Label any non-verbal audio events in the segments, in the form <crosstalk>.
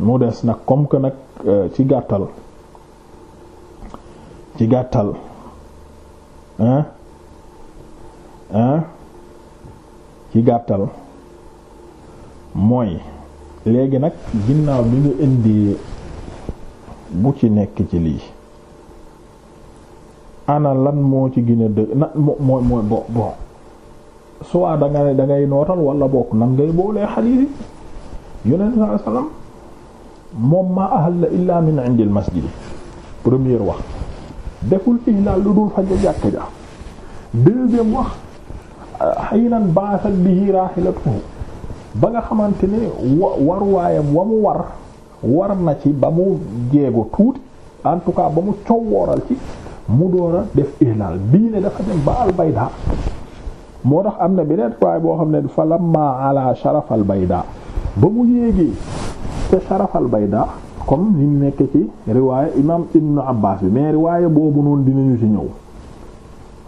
mu des nag comme que nag euh, ci gàttal ci gàttal hein ci gàttal mooy léegi nag ginnaaw bi nga indi bu ci nekk ci lii ana lan moo ci gën a dëgg moo mooy mooy bo bon soit da nga nootal wala bokk nan ngay boolee xadiis yi yonent sallam moom maa ahal la illaa min indil masjid première wax deful ihlal lu dul faja jàkk ja deuxième wax xayinan baasal bihi raahilatuhu ba nga xamante ne wa war waayam mu war war na ci ba mu jeego tuuti en tout cas ba mu cowooral ci mu door a def ihlal bii ne dafa dem ba albayda moo tax am na beneen waaye boo xam ne fa lamma ala sharaf albayda ba mu yéegee ca sharafal bayda comme ni nekk ci riwaaya imam ibnu abbas bi mais riwaaya boobu noonu dinañu ci ñëw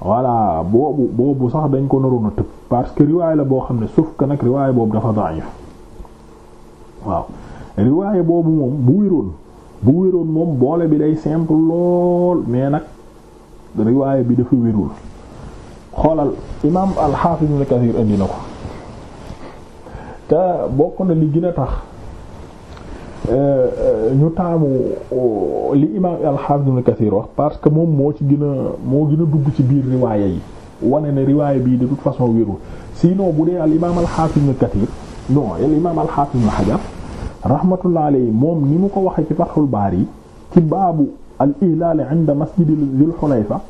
voilà boobu boobu sax dañ ko naroon a tëb parce que riwaaya la boo xam ne sauf ko nag riwaaya boobu dafa da'if waaw riwaaya boobu moom bu wéroon bu wéroon moom boole bi day simple lool mais nag riwaaya bi dafa wérul xoolal imaam al-Hafiz Ibn Kathir indi na ko te bokk na li gën a tax ñu taamu euh, li imam al-Hafiz Ibn wax parce que moom moo ci gën a moo gën a dugg ci biir riwaaya yi wane ne riwaaya bii di toute façon wérul sinon bu dee al imam al-Hafiz Ibn Kathir non al imam al-Hafiz Ibn Hajar rahmatullah alayhi moom ni mu ko waxee ci Fathul Bari ci baabu al-ihlal 'inda masjid Dhul Hulayfa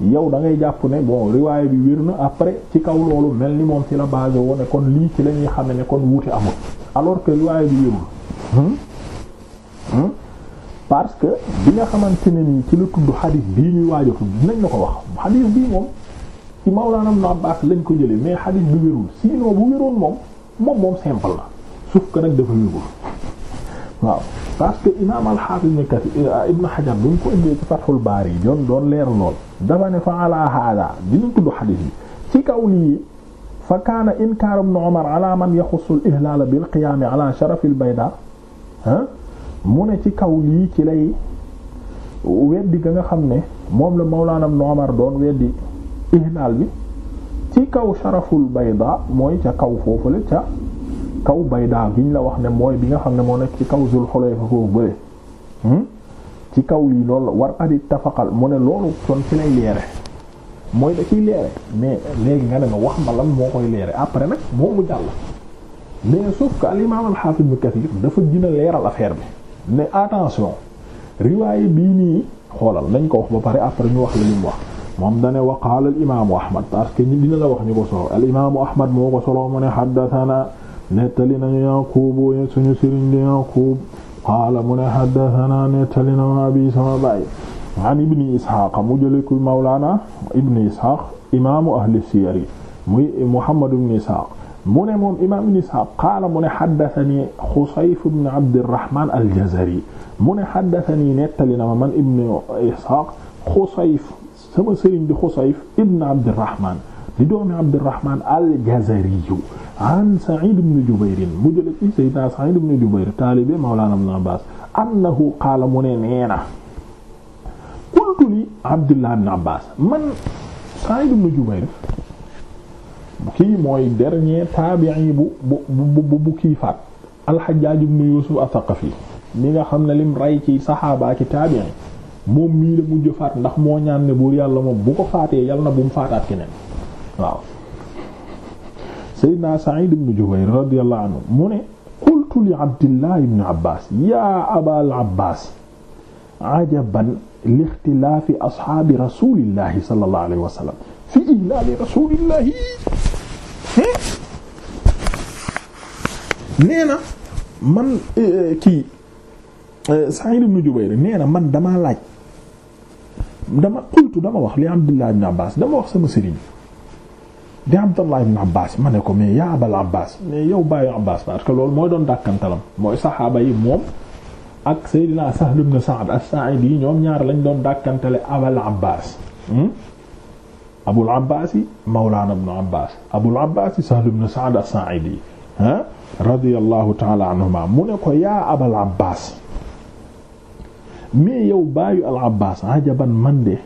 yow da ngay jàpp ne bon riwaaya bi wér na après ci kaw loolu mel ni moom ci la basé woon kon lii ci la ñuy xam ne kon wuute amul alors que riwaaya bi wérul hmm? parce que bi nga xamante ne nii ci la tudd xadis bii ñuy waaj a tudd dinañ la ko wax xadis bii moom ci Mawlana Ibn Abbas lañ ko jëlee mais xadis bi wérul sinon bu wéroon moom moom moom simple la suuf que nag dafa wérul waaw parce que imaam al-Hafiz Ibn Kathir euh, Ibn Hajar buñ ko indee ci Fathul Bari yi doon doon leer lool dafa ne fa ala hada dinañ tudd xadis bi ci kaw lii fa kaana inkaaru Ibn Umar ala man yaxussu al-ihlaal bil qiyaam ala sharaf al-baydaa mu ne ci kaw lii ci lay weddi ga nga xam ne moom la Mawlaana Ibn doon weddi ihlaal bi ci kaw sharaful bayda mooy ca kaw foofu la ca kaw bayda giñ la wax ne mooy bi nga xam ne moo nekk ci kaw Zul Xulayfa foofu bële hmm? ci kaw yi loolu la war adi tafaqal mu ne loolu kon ci lay leere mooy da leere mais léegi nga ne ma wax ma lan moo koy leere après nag moo mu jàll mais sauf que al imaam al xaafis bu Kasiir dafa gën a leeral affaire bi ne attention riwaaye bii nii xoolal nañ ko wax ba pare après ñu wax la ñu wax moom dane la wax ñu ko solo al imaamu ahmad moo ko solo mu ne xaddatana nettali nañu yaquub suñu sëriñ di yaquub qaala mu ne xaddatana nettali na abi sama baay an ibni isxaaq mu jële ko mawlaana ibni isxaaq imaamu ahli siyar yi muy muhammad ibni mu ne moom imaam ibn Isxaaq qaala mu ne xaddatani Xusayf ibn Abdirahman al-Jazari mu ne xaddatani nettali na ma man ibn Isxaaq Xusayf sama sëriñ di Xusayf ibn Abdirahman di doomi Abdirahman al-Jazari an Saciid ibn Jubayr mu jële ci Sayyidina Saciid ibn Jubayr taalibe Mawlaana Ibn Abbaas annahu qaala mu ne nee na qultu li Abdullah ibn Abbaas man Saciid ibn Jubayr kii mooy dernier taabi'i bu bu bu kii faat al-Hajjaj ibn Yusuf ath-Thaqafi mi nga xam ne lim rey ci saxaabaa ci taabi'i moom mii la mujj faat ndax moo ñaan ne buur yàlla moom bu ko faatee yàlla na bu mu faataat keneen waaw Seydina Sa'id ibn Jubayr radiyallahu anhu mu ne qultu li Abdillah ibn Abbas ya Abal Abbas ajaban li ixtilaafi ashaabi rasulillahi sallallahu alayhi wa fi ihlaali rasuulillahi nee na man kii Sa'id ibn Jubayr nee na man damaa laaj dama qultu dama wax li Abdullah ibn Abbas dama wax sama sëriñ di Abdullah ibn Abbas ma ne ko mais yaa Abal Abbas mais yow bàyyi Abbas parce que loolu mooy doon dàkkantalam mooy saxaaba yi moom ak Seydina Sahl ibn Sa'd as-Sa'idi ñoom ñaar lañ doon dàkkantale Abal Abbas hmm? abul abbaas yi mawlaana ibnu abbaas abul abbaas yi sahl ibnu sa'd as-sa'idi ah radiyallahu taala anhuma mu ne ko yaa abal abbaas mais yow baayu al abbaas ajaban man de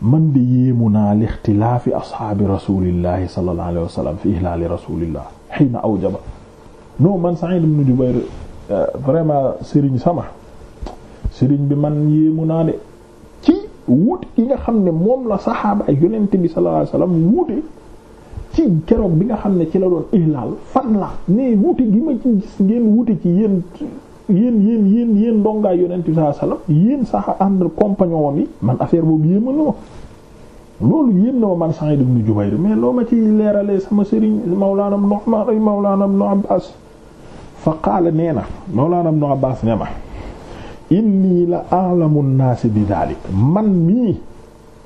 man de yéemu naa li ixtilaafi asxaabi rasulillahi sallallahu alayhi wa sallam fi ihlaali rasulillah xiina awjaba non man Sa'id ibn Jubayr euh, vraiment Serigne sama Serigne bi man yéemu naa de. wuute gi nga xam ne moom la saxaaba ay yonent bi sallallahu alayhi wasallam ci keroog bi nga xam ne ci la doon ihlaal fan la ne wuute gi ma ci gis ngeen wuute ci yéen yéen yéen yéen yéen ndongaay yonent bi sallallahu alayhi wasallam yéen sax ànd compagnon am yi man affaire boobu yéema na ma loolu yéen na ma man Sa'id ibn Jubayr mais loo ma ci leeralee sama sëriñ Mawlana Nu'man ay Mawlana Ibn Abbas fa qaala nee na Mawlana Ibn Abbas nee ma inni la a'lamu naasi nas bi dalik man mii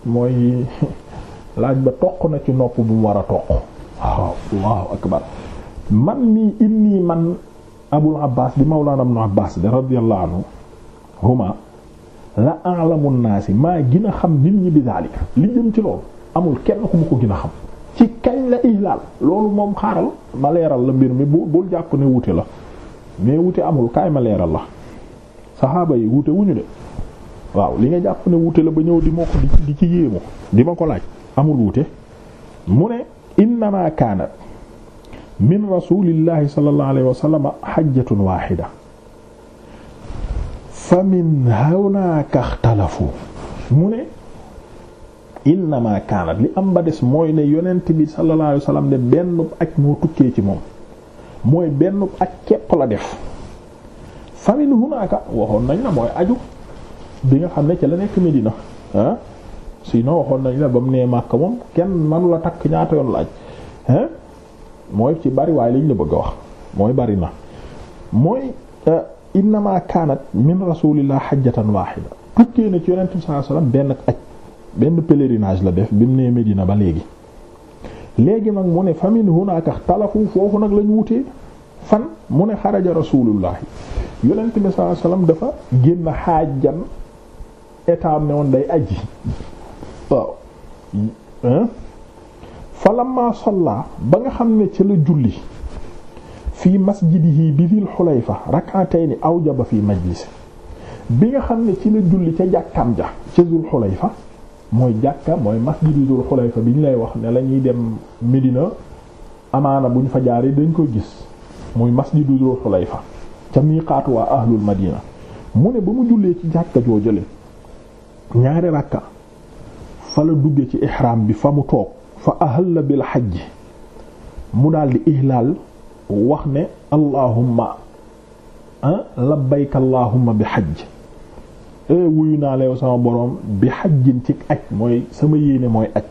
mooy <laughs> laaj ba toq na ci nopp bu mu war a toq waaw allahu akbar man mii inni man abul abbas di mawlana ibn abbas radiyallahu anhu huma la a'lamu naasi nas maa gën a xam nit ñi bi dalik li jëm ci loolu amul kenn ku mu ko gën a xam ci kañ la ihlaal loolu moom xaaral ma leeral la mbir mi bu bul jàpp ne wute la mais wute amul kaay ma leeral la saxaaba yi wuute wuñu de waaw li nga jàpp ne wute la ba ñëw di ma ko di ci yéemu di ma ko laaj amul wuute mu ne innama kaanat min rasulillahi sallallahu alayhi wa sallam xajjatun waaxida fa min hunaka ixtalafu mu ne innama kaanat li am ba des mooy ne yonent bi sallallahu alayhi wa sallam de ak moo tukkee ci moom mooy benn ak képp la def famin hunaaka waxoon nañ la mooy aju bi nga xam ne ca la nekk Medina ah sinon waxoon nañ la ba mu ne Makka moom kenn manu la takk ñaata yoon la aj hein ah, mooy ci bari waaye liñ la bëgg a wax mooy bari na mooy eh, innama kaanat min rasulillah xajjatan waaxida tukkee na ci yonent bi sallallahu alayhi benn aj benn pèlerinage la def bi mu nee Medina ba léegi léegi nag mu ne famin hunaaka xtalafu foofu nag lañu wutee fan mu ne xaraja rasulullahi yonent bi sallallahu alayhi wasallam dafa génn xaajan état am ne woon day aji fa lamma salla ba nga xam ne ca la julli fii masjidihi bi Dil Xulayfa rak'atayn awjaba fii majlis bi nga xam ne ci la julli ca jàkkaam ja ca Dul Xulayfa mooy jàkka mooy masjidu Dul Xulayfa bi ñu lay wax ne la ñuy dem Medina amaana buñ ñu fa jaaree dañ koy gis mooy masjidu Dul fa ca miiqaatu waa ahlul madina mu ne ba mu jullee ci jàkka joo jële ñaari rakka fa la dugge ci ihram bi fa mu toog fa ahalla bil hajj mu daldi ihlaal wax ne allahumma ah, labbayka allahumma bi hajj ee eh, wuyu naa la yow sama boroom bi hajjin ci aj mooy sama yéene mooy aj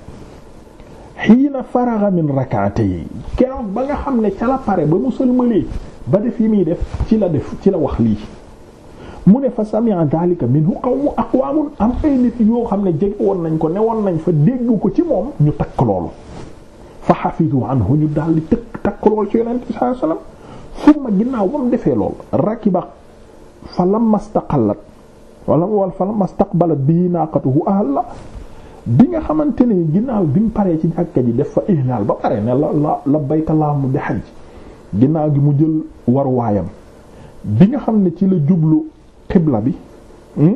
xiina faraga min rakaate yi keroog ba nga xam ne ca la pare ba mu sëlmalee ba def yi muy def ci la def ci la wax mu ne fa sami'a dhalika minhu qawmu aqwamun am ay nit yoo xam ne jege woon nañ ko ne woon nañ fa dégg ko ci moom ñu takk loolu fa hafizu anhu ñu daal di tëkk takk loolu ci yonent bi sallallahu alayhi wasallam summa ginnaaw ba mu defee lool rakiba fa lamma staqallat wala wal fa lamma staqbalat bi naqatuhu ahla bi nga xamante ne ginnaaw bi mu paree ci jàkka ji def fa ihlal ba pare ne la la labbayka allahumma bi hajj ginnaaw gi mu jël waruwaayam bi nga xam ne ci la jublu xibla bi hmm,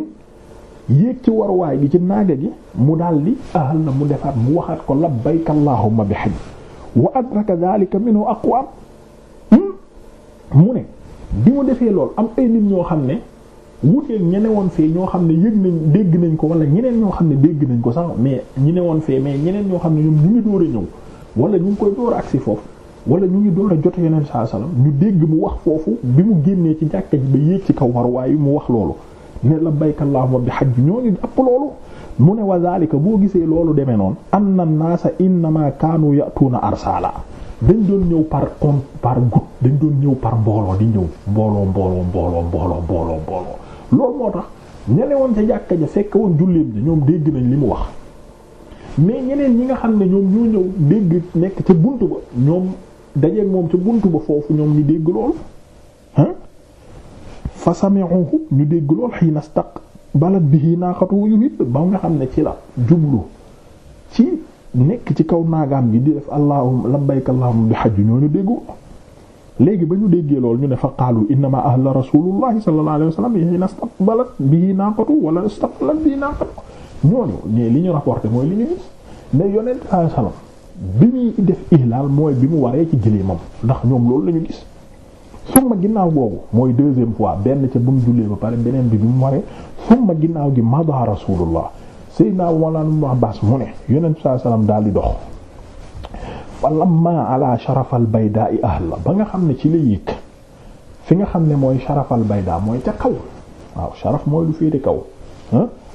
yéeg ci waruwaay gi ci naaga gi mu daldi ahal na mu defaat mu waxaat ko la allahumma bi hajj wa adraka dhalika minhu aqwam hmm, mu ne bi mu defee lool am ay nit ñoo xam ne wuteeg ñi newoon fee ñoo xam ne yëg nañ dégg nañ ko wala ñeneen ñoo xam ne dégg nañ ko sax mais ñi newoon fee mais ñeneen ñoo xam ne ñoom ñu ngi door a ñëw wala ñu ngi koy door a agsi foofu wala ñu ngi door a jot yeneen saa salaam ñu dégg mu wax foofu bi mu génnee ci jàkka ji ba yéeg ci kaw waruwaay yi mu wax loolu ne labbayka allahumma bi hajj ñoo ngi jàpp loolu mu ne wa zalika boo gisee loolu demee noonu anna naasa innama kaanu ya'tuuna arsala dañ doon ñëw par com par groupe dañ doon ñëw par mbooloo di ñëw mbooloo mbooloo mbooloo mbooloo mbooloo mbooloo loolu moo tax ñene woon ca jàkka ja fekk woon julleem ji ñoom dégg nañ li mu wax mais ñeneen ñi nga xam ne ñoom ñoo ñëw dégg nekk ca buntu ba ñoom dajeeg moom ci bunt ba foofu ñoom ñu dégg lool ah fa sami'uhu ñu dégg lool xiina staq balat bihi naqatu yuhit ba nga xam ne ci la jublu ci nekk ci kaw naagaam bi di def allahum labbayka allahum bi ñoo ñu déggu léegi ba ñu déggee lool ñu ne fa qaalu innama ahla rasulullahi sallallahu alayhi wasallam xiina staq balat bihi naqatu wala staq balat bihi naqatu ñooñu ne li ñu rapporté mooy li ñu gis ne yonent sallallahu alayhi bi muy def ihlaal mooy bi mu waree ci gëléemam ndax ñoom loolu lañu gis summa ginnaaw boobu mooy deuxième fois benn ca bu mu jullee ba pare beneen bi bi mu waree summa ginnaaw gi mada rasulullah sayyidina walaanum abbas mu ne yonent saa salaam daal di dox fa lamma ala sharafal bayda i ahla ba nga xam ne ci la yéeg fi nga xam ne mooy sharafal baydaa mooy ca kaw waaw sharaf mooy lu féete kaw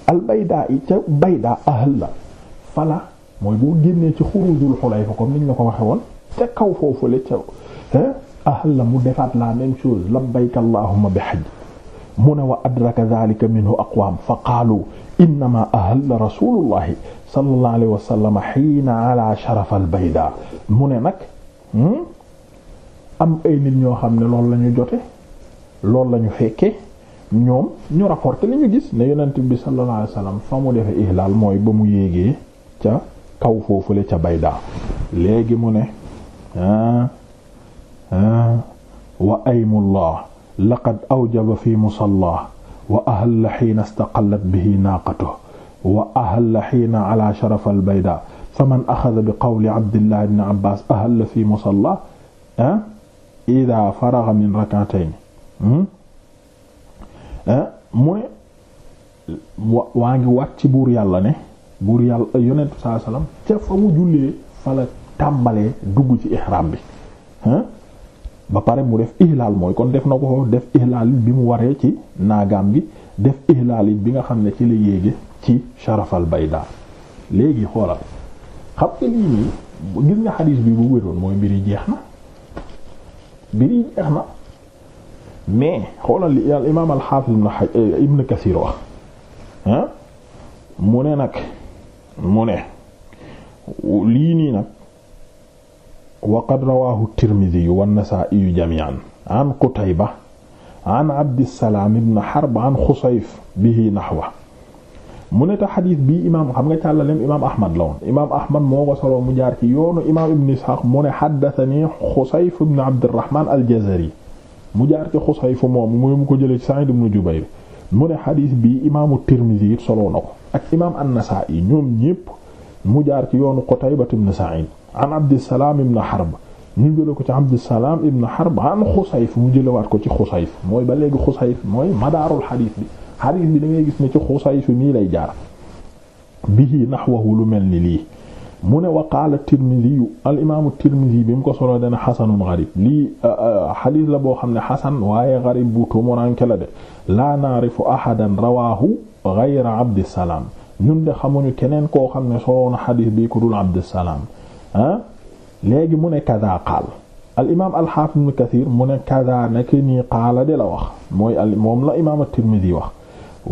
al bayda i ca bayda ahla fala mooy boo génnee ci xurujul xulayfa comme niñ la ko waxe woon ca kaw foofule ca ahal la mu defaat la même chose labbayka allahumma bi hajj mu ne wa adraka dhalika minhu aqwaam fa qaalu innama ahalla rasulullahi sallallahu alayhi wa sallam hiina ala sharaf al bayda mu ne nag hmm, am ay nit ñoo xam ne loolu la ñu jote loolu la fekke ñoom ñu rapporté li ñu gis ne yonent bi sallallahu alayhi wa sallam fa mu defe ihlaal mooy ba mu yéegee ca kaw foofule ca baydaa léegi mu ne ah ah wa aymullah laqad awjaba fi musalla wa ahalla xiina istaqallat bihi naaqatuhu wa ahalla xiina ala sharaf albayda faman axada bi qawli abdillah ibn abbas ahalla fi musalla ah ida faraga min rak'atayn hmm? ah, mu ne waa ngi wàcc buur yàlla ne buur yàlla yonentu saa salaam ca fa mu jullee fa la tàmbalee dugg ci ihram bi ba pare mu def ihlaal mooy kon def na ko foofu def ihlaal bi mu waree ci naagaam bi def ihlaal bi nga xam ne ci la yéege ci sharafal bayda léegi xoolal xam nga lii nii gis nga xadiis bi bu wéroon mooy mbir yi jeex na mbir yi jeex na mais xoolal li al imaam al ibn Kathir wax mu ne nag mu ne lii nii nag waqad rawaahu wa nasaa'iyu jamii'an an qutayba an abdissalaam ibn harb an xusayf bihi naxwa mu ne bii imaam xam nga càllaleem imaam ahmad la woon imaam ahmad moo ko soloo mu jaar ci yoonu imaam ibn isxaaq mu ne xaddatani xusayf ibn abdirahman aljazari mu jaar ci xusayf moomu mu ko jëlee ci sa'iid ibn mu ne xadiis bi imaamu Tirmidhi it soloo na ko ak imaam an-Nasaa'i ñoom ñépp mu jaar ci yoonu Qutayba ibn Sa'id an Abdissalaam ibn Harb nu jële ko ci Abdissalaam ibn Harb an Xusayf mu jëlewaat ko ci Xusayf mooy ba léegi Xusayf mooy madaarul xadiis bi xadiis bi da ngay gis ne ci Xusayf mii lay jaar bihi naxwahu lu mel ni lii mu ne wa qaala Tirmidhi al imaamu Tirmidhi bi mu ko solo dana xasan garib lii euh, euh, xadiis la boo xam ne xasan waaye garib bu tuumuranke la de laa naarifu ahadan rawaahu gayra abdissalaam ñun de xamuñu keneen koo xam ne soloon xadiis bi ku dul abdissalaam ah léegi mu ne kada qaal al imaam al xaafis ibn kathir mu ne kada nekk nii qaala de la wax mooy al moom la imaam at-tirmidi wax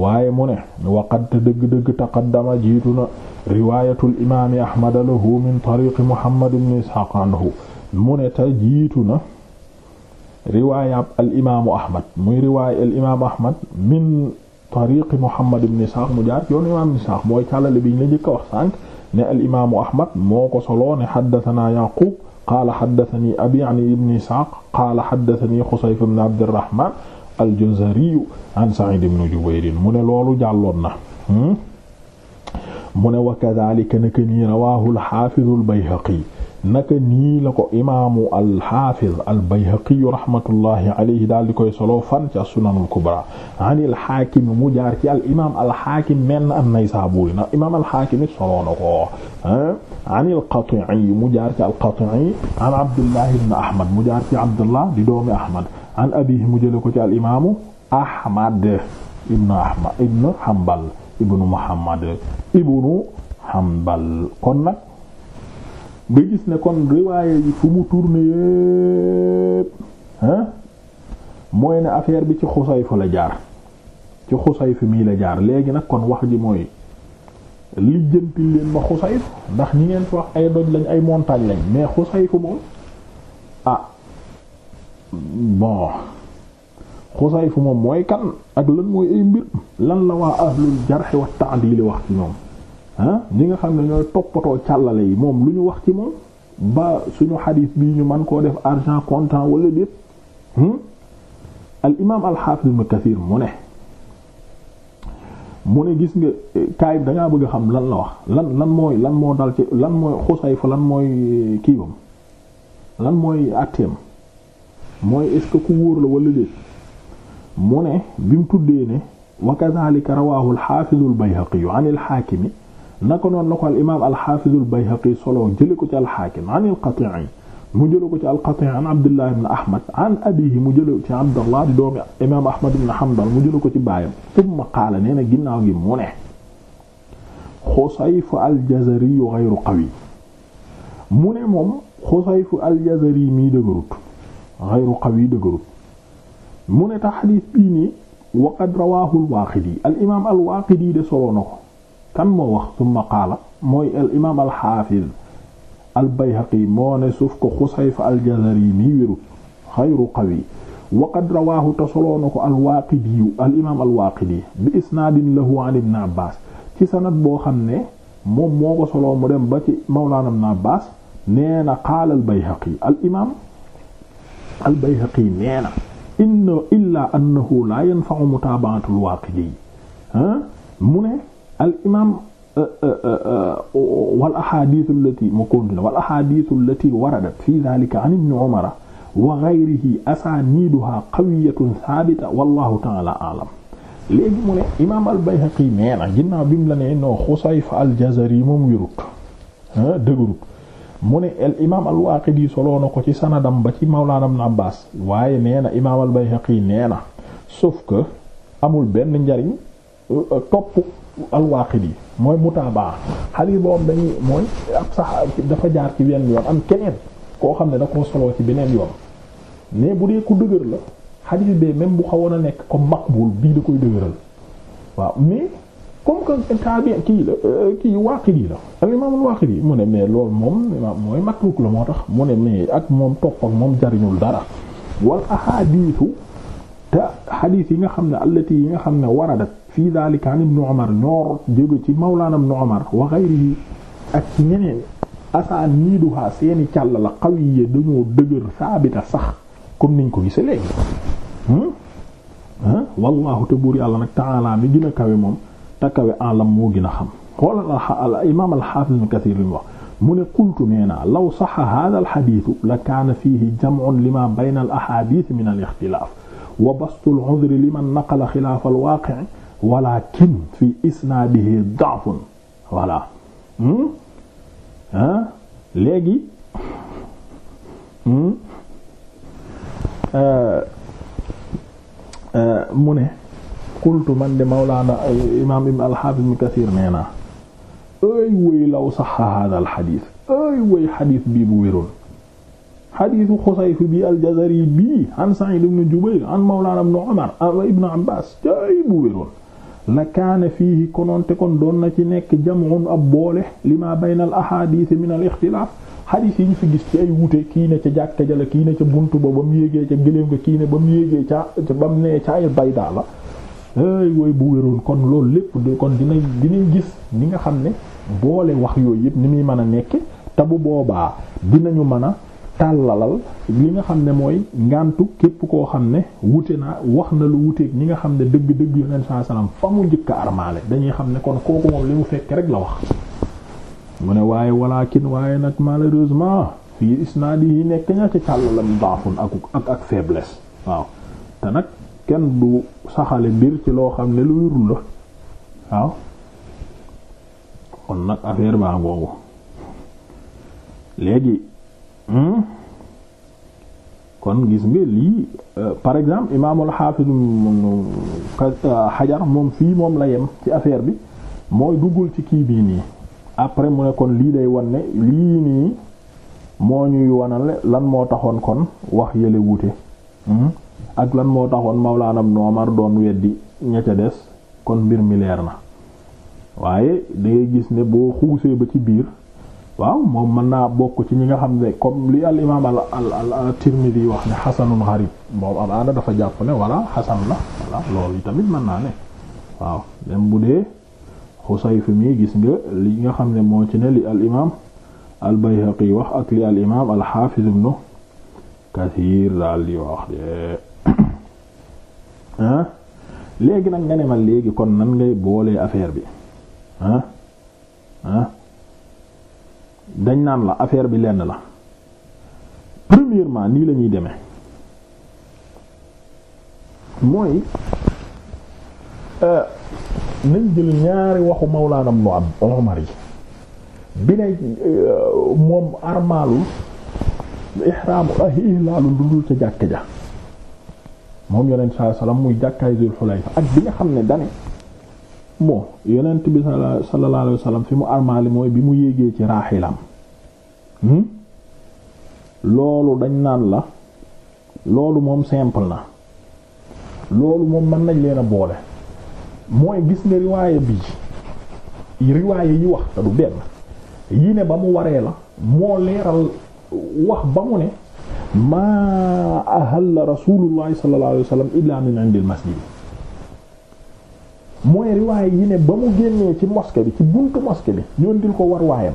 waaye mu ne waqad dëgg-dëgg taqaddama jiitu na riwaayatul imaami ahmad lahu min tariqi muhammad ibn isxaaq anhu mu ne te jiitu na riwaayab al imaamu Ahmad muy riwaay al imaamu Ahmad min tariqi Muhammad ibn Ishaq mu jaar yoon imaam ibn Ishaq mooy càllale bi ñu la njëkk a wax sànq ne al imaamu Ahmad moo ko soloo ne haddathana Yaqub qaala haddathani abi an ibn Ishaq qaala haddathani Xusayf ibn Abdirrahman al-Juzari an Sa'id ibn Jubayr mu ne loolu jàlloon na hmm? mu ne wa kadhalika nakani rawahu al-Hafiz al-Bayhaqi naka nii la ko imaamu alxaafiz albayhaqiyu rahmatullahi alayhi daal di koy solo fan ci sunanul kubra an alxaakim mu jaar ci al imaam alxaakim menn an naysaabuuri na imaam alxaakim it solo na ko an alqati'i mu jaar ci alqati'i an abdullah ibn ahmad mu jaar ci abdullah di doomi ahmad an abiihi mu jële ko ci al imaamu ahmad ibn ahmad ibn hanbal ibn muhammad ibn hanbal kon nag nga gis ne kon riwaaye yi fu mu tourné yépp hein mooy ne affaire bi ci Xusayf la jaar ci fi mii la jaar léegi nag kon wax ji mooy lijjantil leen ma Xusayf ndax ñi ngeen fi wax ay doj lañ ay montagne lañ mais Xusayf moom ah bon Xusayf moom mooy kan ak lan mooy ay mbir lan la waa ahlul jarh wa ta'dil wax ci ñoom li nga xam ne ñooy toppatoo càllale yi moom lu ñu wax ci moom ba suñu xadiis bi ñu man koo def argent comptant wala déet hmm? al imaam al xaafiz ibn Kasiir mu ne mu ne gis nga kaay da bëgg a xam lan la wax lan lan mooy lan moo dal ci lan mooy xusay fa lan mooy kiiwam lan mooy àtteem mooy est ce ku wóor la wala déet mu ne bi mu tuddee ne wa kadhalika rawaahu al xaafiz al Bayhaqi an al Haakimi naka noonu la ko al imaam solo jëlee ko ci alxaakim mu jëlee ko ci al-Qati'i an Abdullah ibn Ahmad an mu jëlee Abdullah di doomi imaam Ahmad ibn Hanbal mu jëlee ko ci baayam thumma qaala nee na ginnaaw gi mu ne Xusayf al-Jazari qawi mu ne moom Xusayf al-Jazari mii dëgërut ghayru qawi dëgërut mu ne tax xadiis bii nii waqad rawaahu al de solo na ko. kan moo wax summa qaala mooy al imaam al xaafiz al bayhaqi moo ne suuf ko xusayfa al jazari nii wérut xayru qawi wa qad rawaahu te soloo na ko al waaqidiyu al imaam al waaqidi bi isnaadin lahu an ibn abbaas ci sanad boo xam ne moom moo ko soloo mu dem ba ci mawlaana ibn abbaas nee na qaala al bayhaqi al imaam al bayhaqi nee na inna illaa annahu laa yanfa'u mutaaba'atu al waaqidi ha ah, mu ne al imaam euh, euh, euh, wal axaadiisu allati mu continué wal axaadiisu allati waradat fi zaalika an ibni Umar wa ghayrihi asaaniiduhaa qawiyyatun saabita wallaahu ta'aalaa a'lam. léegi mu ne imaam al Bayhaqi nee na ginnaaw bi mu la nee noo Xusayf al Jazari moom wérut ah dëgërut mu ne al imaam al Waaqidi soloo na ko ci sanadam ba ci Mawlaana Ibn Abbaas waaye nee na imaam al Bayhaqi nee na sauf que amul benn njariñ topp. al-Waaqidi mooy mutaabaa xadiis boobu dañuy mooy ab sax dafa jaar ci benn yoon am keneen koo xam ne da koo soloo ci beneen yoon mais bu dee ko dëgër la xadiis bee même bu xawoon a nekk comme maqbul bii da koy dëgëral waaw mais comme que taabi kii la euh, kii Waaqidi la al imaam al mu ne mais loolu moom mooy matruk la moo tax mu ne mais ak moom topp ak moom jariñul dara wal ahaadiisu te xadiis yi nga xam ne allati yi nga xam ne waradat fii daalika an ibnu Umar ñoo jóge ci mawlaana ibnu Umar wa ghayrihi ak ci ñeneen asaan niiduhaa seeni càll la qawiyya dañoo dëgër saabita sax comme niñ ko gise léegi ah hmm? wallahu te buur yàlla nag ta'ala mi gën a kawe moom te kawe alam moo gën a xam xoolal imaam al-Haafiz Ibn Kasiir li mu wax mu ne qultu nee naa law saxa haadha al-hadiith la kaana fiihi jam'un limaa bayna al-ahaadiith min al-ixtilaaf wa bastu al-'udhr liman naqala xilaafa al-waaqi' walakin fi isnaadihi da'fun voilà ah léegi hmm? euh, euh, mu ne qultu man de mawlaana euh, imaam ibn al-Hafiz ibn Kathir nee naa ay way law saxa hada alxadis ay way xadis bii bu wéroon xadisu Xusayf bi al-Jazari bii an Sa'id ibn Jubayr an mawlaana ibn Umar ibn Abbas ay bu wéroon la kaana fiihi kononte kon doon na ci nekk jamun ab boole lima bayna al ahadith min al ixtilaaf xadiis yi ñu fi gis ci ay wute kii ne ca jàkka ja kii ne ca bunt ba ba mu yéegee ca gëléem ga kii ne ba mu yéegee ca ba mu nee ca ay baydaa la ay wooy bu wéroon kon loolu lépp de kon dina dina gis ni nga xam ne boole wax yooyu yëpp ni muy mën a nekk te bu boobaa dinañu mën a tàllalal li nga xam ne mooy ngantu képp koo xam ne wute naa wax na lu wuteeg ñi nga xam ne dëgg-dëgg yonent saa salaam fa mu njëkk a armaale dañuy xam ne kon kooku moom li mu fekk rek la wax mu ne waaye walakin waaye nag malheureusement fii isnaadi yi nekk ña ci tàllalam daafun ak ak ak faiblesse waaw te nag kenn bu saxale mbir ci loo xam ne lu wérul la waaw kon nag affaire baa ngoogu léegi Hmm? kon gis nga lii euh, par exemple imaamul xaafis xajar euh, moom fii moom la yem ci affaire bi mooy duggul ci kii bii nii après mu ne kon lii day wan ne lii nii moo ñuy wanale lan moo taxoon kon wax yële wuute hmm? ak lan moo taxoon mawlaanam noomar doon weddi ña ca des kon mbir mi leer na waaye dangay gis ne boo xuusee ba ci biir waaw moom mën naa bokk ci ñi nga xam ne comme li al imaam al al wax ne xasanun gharib moom amaana dafa jàpp ne voilà xasan la voilà loolu tamit mën naa ne waaw même bu dee Xusayf mi gis nga nga xam ne moo ci ne li al imaam al Bayhaqi wax ak li al imaam al Hafiz ibn Kathir daal di <coughs> nag nga ne ma léegi kon nan ngay boolee affaire bi ah ah. dañ naan la affaire bi lenn la premièrement nii lañuy deme mooy euh, nañ jël ñaari waxu Mawlaana Ibnu Umar yi bi ne euh, moom armaalul ihraamu ahi ihlaalul lu dul ca jàkk ja moom yonent sallallahu alayhi muy jàkkaay Zul Xulayfa ak bi nga xam ne dane bon yonent bi sallallahu alayhi wasallam fi mu armaali mooy bi mu yéegee ci raaxilam hmm? loolu dañ naan la loolu moom simple na loolu moom mën nañ leen a boole mooy gis nga riwaaya bii riwaaya yi wax te du benn yi ne ba mu waree la moo leeral wax ba mu ne maa ahalla rasulullahi sallallahu alayhi wasallam illa min indil masjid mooy riwaay yi ne ba mu génnee ci moske bi ci buntu mosquée bi ñoon dil ko war waayam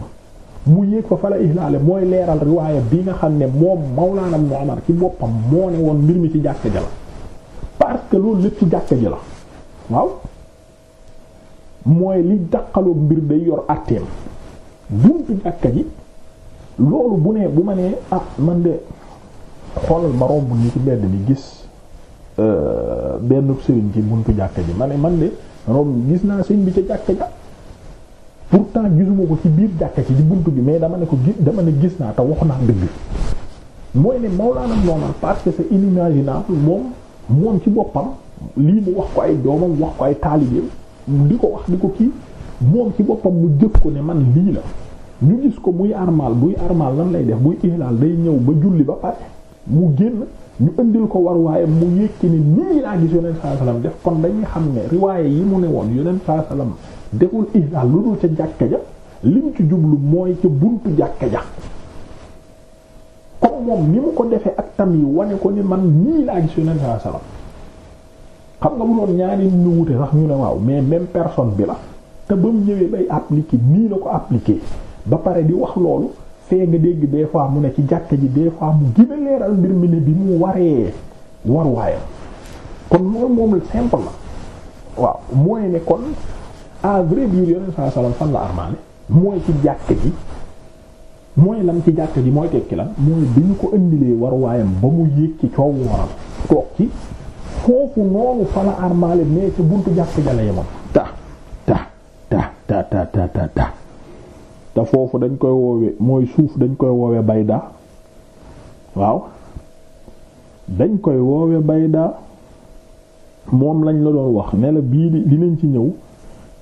mu yéeg fa fala ihlaale mooy leeral riwaaya bi nga xam ne moom Mawlaana Ibn Umar ci boppam moo ne woon mbir mi ci jàkka ji la parce loolu lépp ci jàkka ji la waaw li daqaloo mbir day yor atteem buntu jàkka loolu bu nee bu ma nee ah man de xoolal ma romb ni ci mbedd mi gis euh, benn sëriñ ci buntu jàkka ji ma ne man de moom gis naa sëñ bi ca jàkka ja pourtant gisuma ko ci biir jàkka ci di bunt bi mais dama ne ko gis dama ne gis naa te wax naa dëgg mooy ne Mawlana Momar parce que sa c'est naa moom moom ci boppam lii mu wax ko ay doomam wax ko ay taalibeem di ko wax di ko kii moom ci boppam mu jëf ko ne man lii la ñu gis ko muy armal buy armal lan lay def buy ihlaal day ñëw ba julli ba pare mu génn ñu indil ko war waaye mu yëkki ni nii laa gis yonent saa salaam def kon dañuy xam ne riwaaye yi mu ne woon yonent saa salaam deful ihdaal lu dul ca jàkka ja lim ci jublu mooy ca buntu jàkka ja comme moom ni mu ko defee ak tam yi wane ko ni man nii laa gis yonent saa salaam xam nga bu doon ñaari ñu wute sax ñu ne waaw mais même personne bi la te ba mu ñëwee bay appliquer nii la ko appliquer ba pare di wax loolu fee nga dégg des fois mu ne ci jàkka ji des fois mu gën a leeral mbir mi ne bi mu waree waruwaayam kon loolu moom simple la waaw mooy ne kon à vrai dire yoneen saa fan la armaale mooy ci jàkka ji mooy lam ci jàkka ji mooy tekki lan mooy bi ñu ko indilee waruwaayam ba mu yéeg ci coow waral toog ci foofu noonu fan armaale mais ci buntu jàkka ja la yemoon ta ta ta ta ta ta ta te foofu dañ koy woowe mooy suuf dañ koy woowe baydaa waaw dañ koy woowe baydaa moom lañ la doon wax nela bii di dinañ ci ñëw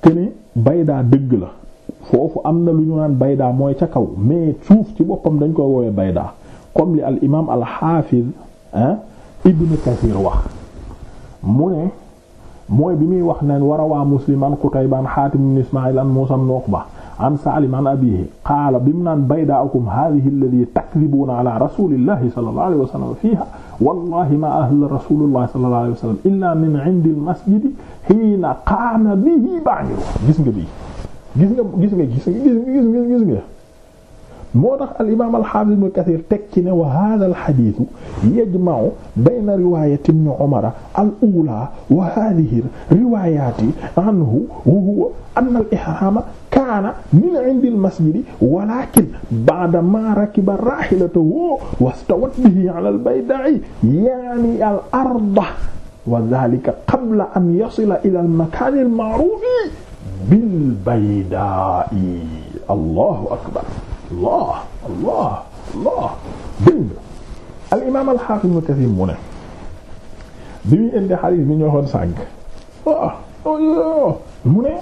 këne bayda dëgg la foofu am na lu ñu naan baydaa mooy ca kaw mais suuf ci boppam dañ koy woowe baydaa kom li al imaam al xaafiz ah ibn kathir wax mu ne mooy bi muy wax naan warawaa muslim an qutayban xaatim ibn ismail an musa an uqba an Saalim an abiihi qaala bi mu naan baydaakum haadihi allati takdibuuna ala rasuulillahi sallallahu alayhi wa sallam fiiha wallahi ma ahla rasuulillahi sallallahu alayhi wa sallam illaa min indi al-masjidi hiina qaama bihi ba'ir gis nga bii gis nga gis nga gis nga gis nga gis nga moo tax al imaam al xaafis ibn Kasiir teg ci ne wa haaza al xadiis yajma'u bayna riwaayati ibn Umar al uulaa wa haadihi riwaayaati anhu wa huwa anna al ihraama kaana min indi al masjidi walaakin ba'damaa rakiba raahilatahu wastawat bihi ala al baydaa'i yaani al arda wa zaalika qabla an yasila ila al makaani al ma'ruufi bil baydaa'i allahu akbar allah allah allah dégg al imaam al xaafis mu kathir mu ne bi muy indi xadiis bi ñu waxoon sànk mu ne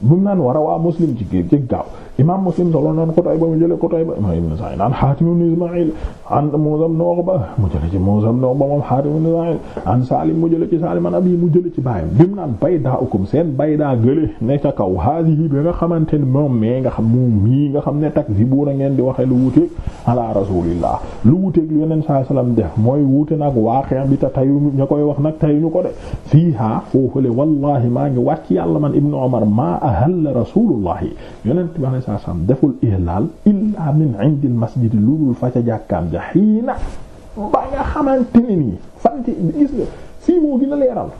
bu mu naan war a waa muslim ci gaaw imam Muslim solo naan Qutayba mu jële Qutayba imam Ibn Sa'id an Hatim ibn Isma'il an Musa ibn Uqba mu jële ci Musa ibn Uqba moom Hatim ibn Isma'il an Salim mu jële ci Salim an abi mu jële ci baayam bi mu naan bayda'ukum seen baydaa gële ne ca kaw haadihi bi nga xamante ne moom mais nga xam moom mii nga xam ne takzibuuna ngeen di waxee lu wuteeg ala rasulillah lu wuteeg lu yeneen saa sallam def mooy wuute nag waaqi' bi ta tayu ña koy wax nag tayuñu ko de fiiha foofule wallahi maa ngi wàcc yàlla man ibn Umar maa ahalla rasulullah saa saam deful ihlaal illaa min indil masjidi lu dul fa ca jàkkaam ja xiina ba nga xamante ni nii fan ci gis nga fii moo gën a leeral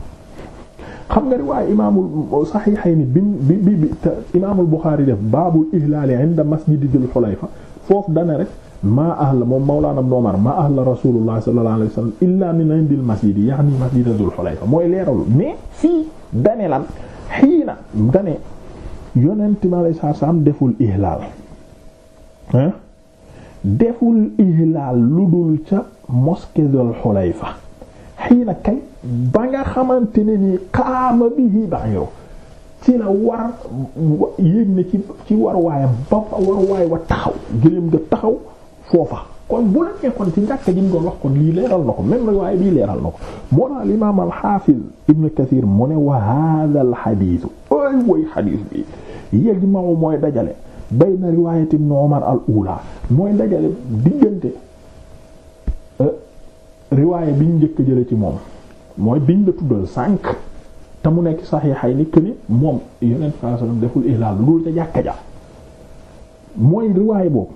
xam nga riwaayu imaamul saxiixayni bi bi bi te imaamul Buxaari def baabul ihlaali inda masjidi dil xulayfa foofu dana rek maa ahla moom mawlaana ibn Umar maa ahla rasuulullahi sallallahu alayhi wa sallam illaa min indil masjidi yaani masjidi dil xulayfa mooy leeralu mais fii dane lan xiina dane yonent mi alayhi salaam deful ihlaal hein deful ihlaal lu dul ca mosquée Dul Xulayfa xëy na kañ ba nga xamante ne nii qaama bihi ba'iru ci la war yéeg na ci ci war waayam ba war waay wa taxaw gëléem nga taxaw foofa kon bu la nekkoon ci njàkk ji mu doon wax kon lii leeral na ko même riwaaya bii leeral na ko moo naa imaam al-Haafiz Ibn Kathir mu ne wa haadha al-hadiis ay way hadiis bi yajma'u mooy dajale bayna riwaayat ibn Umar al ula mooy dajale diggante euh, riwaaya biñ njëkk jële ci moom mooy biñ la tuddal sànq te mu nekk saxiixay ni que ni moom yeneen saa soxna deful ihlal loolu ca jàkka ja mooy riwaay boobu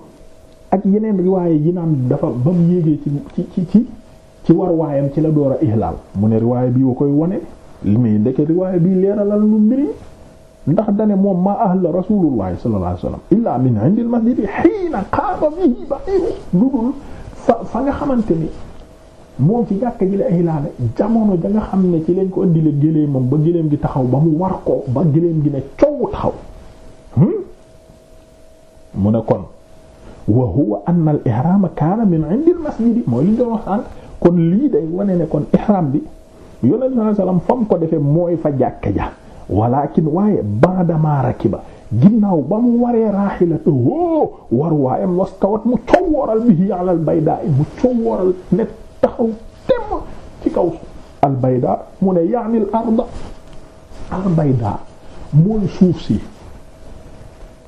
ak yeneen riwaay yi naan dafa ba mu yéegee ci ci ci ci war waayam ci la door a ihlal mu ne riwaay bii wa koy wone li muy ndeke riwaay bii leeralal lu mbiri ndax dane moom maa ahla rasulullahi sallallahu min indil masjidi hiina bihi ba'iru lu dul fa fa nga xamante ni moom ci jàkka ji la ihlaale jamono ja nga xam ne ci le ko indile géléemam ba géléem gi taxaw ba mu war ko ba géléem gi ne coow taxaw hmm? mu ne kon wa huwa anna al ihraama min indi mooy li ñu doon wax kon lii day wane ne kon ihraam bi yonent sallallahu alayhi wasallam fam ko defee mooy fa jàkka ja walakin waaye baadama rakiba ginnaaw ba mu waree raaxilata woo waru waayam wastawat mu cowooral bihi ala albayda mu cowooral ne taxaw temm ci kaw albayda mu ne yaani al arda albayda mooy suuf si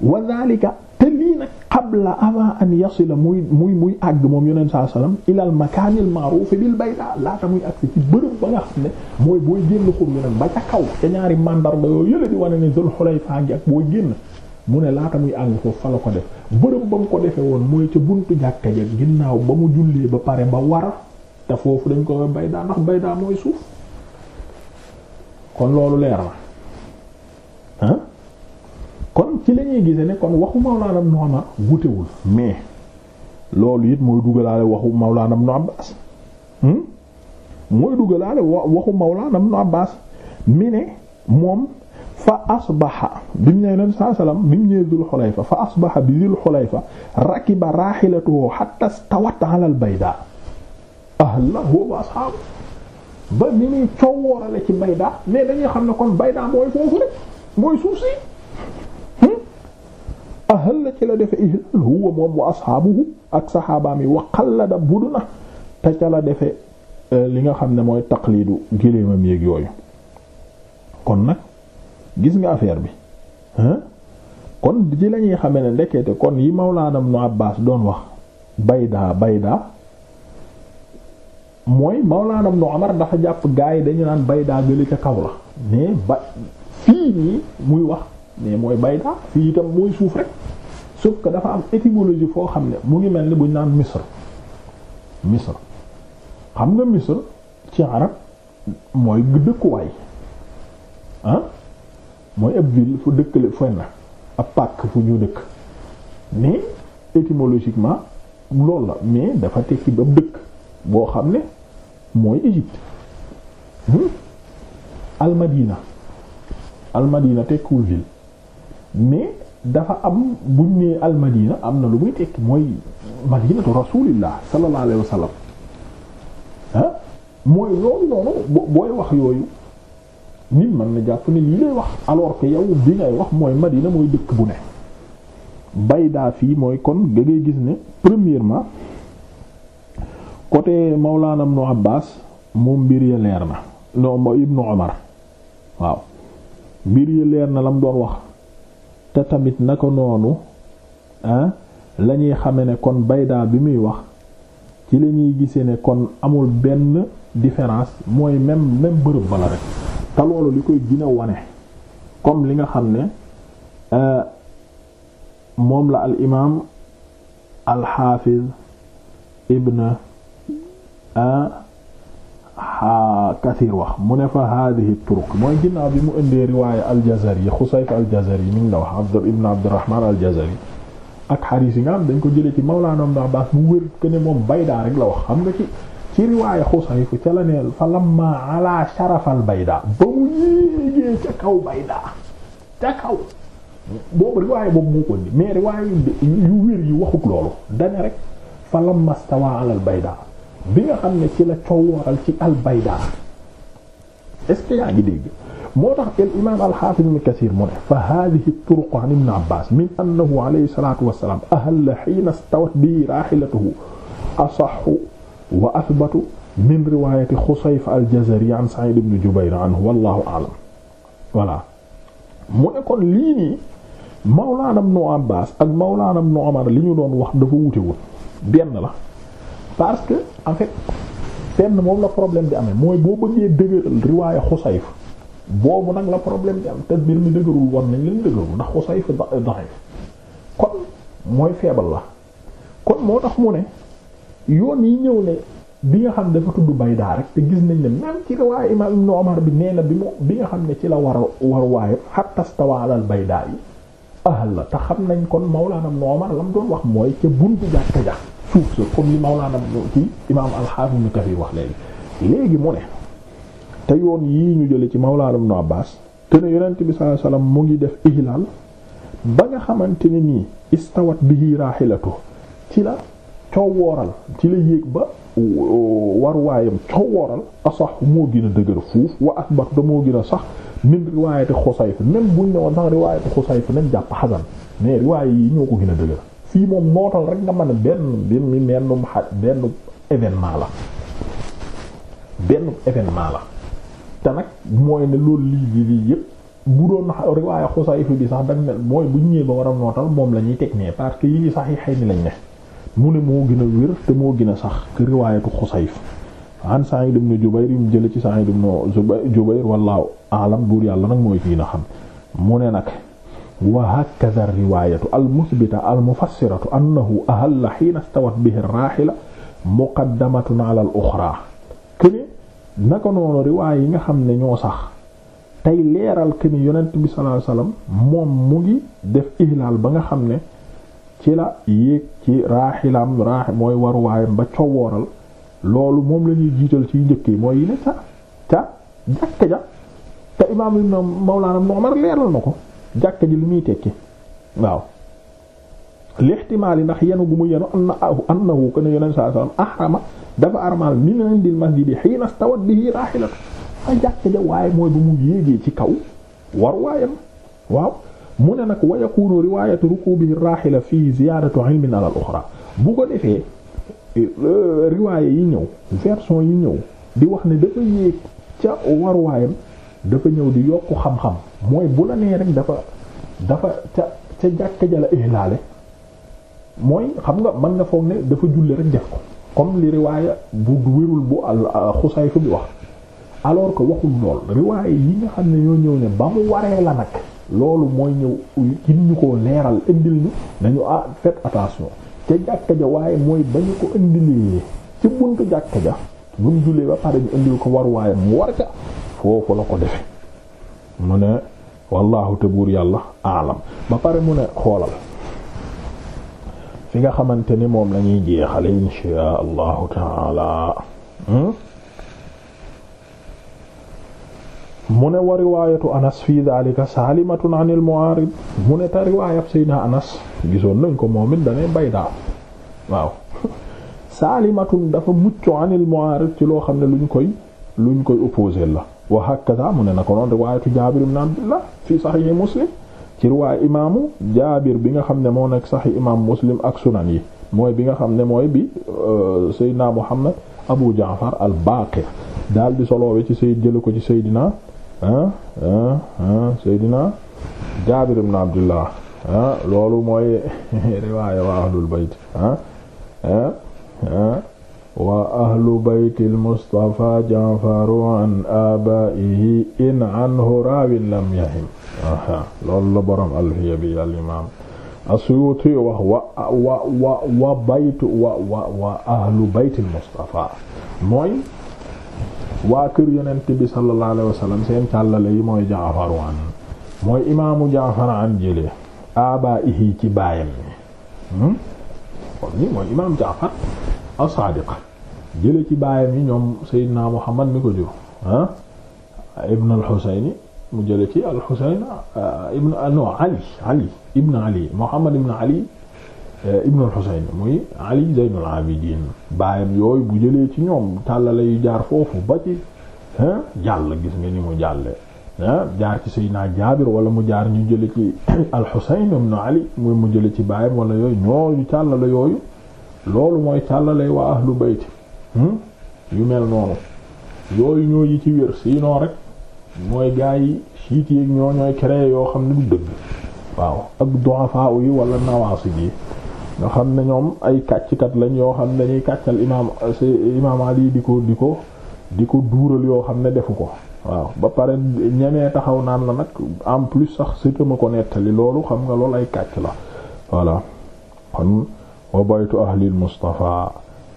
wa dhalika te lii nag qabla avant an yasila muy muy muy àgg moom yonent saa sallam ila al makaan al ma'ruf bil bayda laata muy ci bërëb ba nga xam ne mooy booy génn xur yonent ba ca kaw ca ñaari mandarga yoo yële di wane ne Zul Xulayfa ngi ak booy génn mu ne laa muy àgg foofu fa la ko def bërëb ba mu ko defee woon mooy ca buntu jàkka ja ginnaaw ba mu jullee ba pare ba war te foofu dañ ko bayda ndax bayda mooy suuf kon loolu leer ah? kon ci la ñuy gise ne kon waxu Mawlaana Ibn Umar wutewul loolu it mooy dugalaale waxu Mawlaana Ibn Abbaas hmm? mooy dugalaale waxu Mawlaana Ibn Abbaas mi ne moom fa asbaxa bi mu ñëwee nabi sallallahu alayhi bi ñu ñëwee Dul Xulayfa fa asbaxa bi Dul Xulayfa rakiba raahilatuhu hatta stawat ala al bayda ahlahu wa ba ni muy coowoorale ci bayda mais dañuy xam ne kon bayda mooy foofu rek mooy suuf si Hmm? ahal la ci la defe ihlal huwa moom wa ashaabuhu ak saxaabaam yi wa qallada budna te ca la defe eh, li nga xam ne mooy taqliidu géléemam yéeg yooyu kon nag gis nga affaire bi kon ci la ñuy xamee ne ndekete kon yi Mawlaana Ibnu Abbaas doon wax baydaa baydaa mooy Mawlaana Ibnu Umar dafa jàpp gaa yi dañu naan baydaa gëli ca kaw la mais ba fii nii muy wax mais mooy bayda fii itam mooy suuf rek sauf que dafa am étymologie foo xam ne mu ngi mel ni bu ñu naan misr misr xam nga misr ci arab mooy dëkkuwaay ah mooy ab ville fu dëkkale fenn ab pàkk fu ñu dëkk mais étymologiquement loolu la mais dafa tekki ba dëkk boo xam ne mooy Égypte hmm? almadina almadina tekkiwul ville mais dafa am buñ nee almadina am na lu muy tekki mooy madinatu rasulillah sallallahu alayhi wa sallam ah mooy loolu noonu booy wax yooyu nit mën na jàpp ne lii lay wax alors que yow bi ngay wax mooy madina mooy dëkk bu ne baydaa fii mooy kon dangay gis ne premièrement côté Mawlana Ibn Abbas moom mbir ya leer na non Ibn Omar waaw mbir ya leer na lam doon wax te tamit naka noonu ah la ne kon baydaa bi muy wax ci la ñuy gisee ne kon amul benn différence mooy même même bërëb bala rek te li koy gën a comme li nga xam ne euh, moom la al imaam al xaafiz ibn a ah, Kathir wax mu ne fa hadihi turuq mooy ginnaaw bi mu indee riwaaya al-Jazari Xusayf al-Jazari mi ñu la wax Abd ibn Abdurrahman al-Jazari ak xadiis yi nga xam dañ ko jëlee ci Mawlaana Ibn Abbaas mu wér que ne moom baydaa rek la wax xam nga ci ci riwaaya Xusayf ca la ne fa lamma ala sharafal baydaa ba mu yéegee ca kaw baydaa ca kaw boobu riwaaya boobu moo ko ni riwaaya yu wér yi wax loolu dana rek fa lamma stawaa ala al bi nga xam ne ci la coow waral ci al est-ce que yaa ngi dégg moo tax el imaam al-Hafiz ibn Kathir mu ne fa hadhihi turuq an ibn Abbas min annahu alayhi salatu wassalam ahalla hina stawat bi rahilatuhu asahhu wa athbatu min riwayati Khusayfa al-Jazari an Sa'id ibn Jubayr anhu wallahu a'lam voilà mu ne kon lii nii Mawlaana ibn Abbas ak Mawlaana ibn Umar li ñu doon wax dafa wuute woon benn la parce que en fait fenn moom la problème bi amee mooy boo bëggee dëgëral riwaaya Xusayf boobu nag la problème bi am te mbir mi dëgërul woon nañ leen dëgërul ndax Xusayf daif kon mooy feebal la kon moo tax mu ne yoon yi ñëw ne bi nga xam dafa tudd Baydaa rek gis nañ ne même ci riwaaya imaam Ibnu Umar bi nee na bi mu bi nga xam ne ci la war a war waaye hatta stawa alal Baydaa yi ahal la te xam nañ kon Mawlaana Ibnu Umar lam doon wax mooy ca bunt jàkka ja suuf sa comme li Mawlaana ci imaam al-Haafiz Ibn wax léegi léegi mu ne te yoon yii ñu jële ci Mawlaana Ibn Abbaas te ne yonent bi sallallahu alayhi wasallam mu ngi def ihlaal ba nga xamante ne nii istawat bi bihi raahilatu ci la coow ci la yéeg ba war waayam coow wooral asax moo gën a dëgër fuuf wa asbat da moo gën sax min riwaayati Xusayf même buñ ne woon sax riwaayati Xusayf nañ jàpp xasan mais riwaay yi ñoo ko gën dëgër fii moom nootal rek nga mën a benn mbir mi mennum xa benn événement la benn événement la te nag mooy ne loolu lii bi lii yëpp bu doon riwaaya xusayfi bi sax dañ ne mooy bu ñëwee ba war a nootal moom la ñuy teg nee parce que yii sax yi xëy ni lañ ne mu ne moo gën a wér te moo gën a sax que riwaayatu xusayf an Sa'id ibn Jubayr mu jële ci Sa'id ibn Jubayr wallahu a'lam buur yàlla nag mooy kii na xam mu ne nag wa hakaza riwaayatu al musbita al mufassiratu annahu ahalla hiina stawat bihi raahila muqaddamatun ala al uxraa këne naka noonu riwaay yi nga xam ne ñoo sax tey leeral këne yonent bi sallallahu alayhi moom mu ngi def ihlaal ba nga xam ne ci la yéeg ci raaxilaam raaxi mooy waruwaayam ba cowooral loolu moom la ñuy jiital ci njëkk yi mooy yi ne ca ca jàkka ja te imaam Mawlaana Umar leeral na ko. jàkka ji lu muy tekki waaw lixtimaal yi ndax yenu gu mu yenu an na an na wu ko ne yoneen saa sallam ahrama dafa armal min indil masjidi hiina stawat bihi raahilatu fa jàkka ja waaye mooy bu mu yéegee ci kaw war waayam waaw mu ne nag wa yakunu riwayatu rukubihi raahila fii ziyadatu ilmin ala al-uxra bu ko defee euh, riwaaya yi ñëw version yi ñëw di wax ne dafa yéeg ca war waayam dafa ñëw di yokku xam-xam mooy bu la nee rek dafa dafa ca ca jàkka ja la ihlaale mooy xam nga mën nga foog ne dafa julli rek def ko comme li riwaaya bu wérul bu euh, xusayfu bi wax alors que waxul lool riwaaya yi nga xam ne ñoo ñëw ne ba mu waree la nag loolu mooy ñëw gin ñu ko leeral indil ñu nañu ah faites attention ca jàkka ja waaye mooy ba ñu ko indilee ci buntu jàkka ja bu mu jullee ba pare ñu indil ko war waaye mu war ca foofu la ko defe mu ne wallahu te buur yàlla aalam ba pare mu ne xoolal fi nga xamante ni moom lañuy jeexale insha allahu taala hmm? mu ne wa riwaayatu anas fi daalika saalimatun an il mu'aarid mu ne ta riwaayab saydna anas gisoon nañ ko moom it danay waaw <laughs> saalimatun dafa mucc an il mu'aarid ci loo xam ne luñ koy luñ koy opposé la wa hakaza mu na ko noon riwaayatu Jaabir ibn Abdullah fi saxiixi Muslim ci riwaay imaamu Jaabir bi nga xam ne moo nekk saxiix imaam Muslim ak sunan yi mooy bi nga xam ne mooy bi euh, Seydina Muhammad Abu Jaafar al-Baaqir daal di soloowe ci Seyd jële ko ci Seydina ah ah Seydina Jaabir ibn Abdullah loolu mooy <laughs> riwaaya waa wa ahlu baytil Mustapha Jaafaru an abaa'ihi in anhu raawin lam yahim loolu la borom alfiya bi al imaam Asuyuti wax wa wa wa wa baytu wa wa wa ahlu baytil Mustapha mooy waa kër yonent bi sallallahu alayhi wa sallam seen càllale yi mooy Jaafaru an mooy imaamu Jaafar an jëlee abaa'ihi ci baayam hmm? kon ni mooy imaam Jaafar as-Saadiqa jële ci baayam yi ñoom Seydina Muhammad ko jur ah ibn mu jële ci al-Husayn ah, ibn ah, non Ali Ali ibn Ali Muhammad ibn Ali eh, al-Husayn muy Ali Zaynul Abidin baayam yooyu bu jëlee ci ñoom tàllale yu jaar foofu ba ci ah, jàll gis nga ni mu jàlle jaar ci Seydina Jaabir wala mu jaar ñu jële ci <coughs> al-Husayn ibn Ali mu jële ci baayam wala yooyu ñooyu tàllale yooyu loolu mooy càllale waa ahlu bayti hmm? yu mel noonu yooyu ñoo yi ci wér sinon rek mooy gaa yi siit yi ñoo ñooy créé yoo xam ne du dëgg waaw ak du'afa yi wala nawaasi yi nga xam ne ñoom ay kàcckat lañ yoo xam ne dañuy kàccal imaam imaam Ali di ko di ko di ko duural yoo xam ne defu ko waaw ba pare ñemee taxaw naan la nag en plus sax surtout ma ko nettali loolu xam nga loolu ay kàcc la voilà wa baytu ahlil Mustafa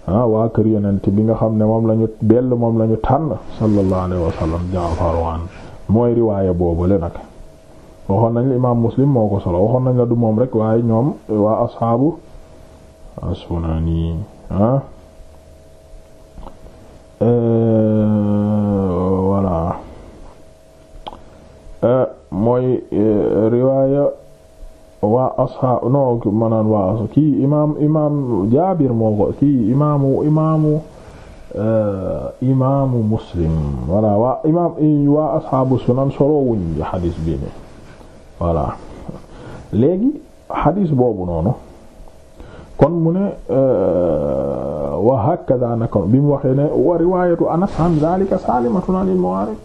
ah, waa kër yonent bi nga xam ne moom la ñu moom lañu tànn sallallahu alayhi wa mooy riwaaya boobule nag waxoon nañ la imaam Muslim moo ko solo waxoon nañ la du moom rek waaye ñoom waa asxaabu as-Sunaani ah. eh, eh, mooy eh, riwaaya waa asxaab non ma naan waa as kii imaam imaam Jaabir moo ko kii imaamu imaamu eh, imaamu Muslim voilà waa imaam waa asxaabu sunan solo wuñ xadis bi ni voilà léegi xadis boobu noonu kon mu ne eh, wa hakaza naka bi mu waxee ne wa riwaayatu Anas an zaalika saalimatun an al-Mu'aarib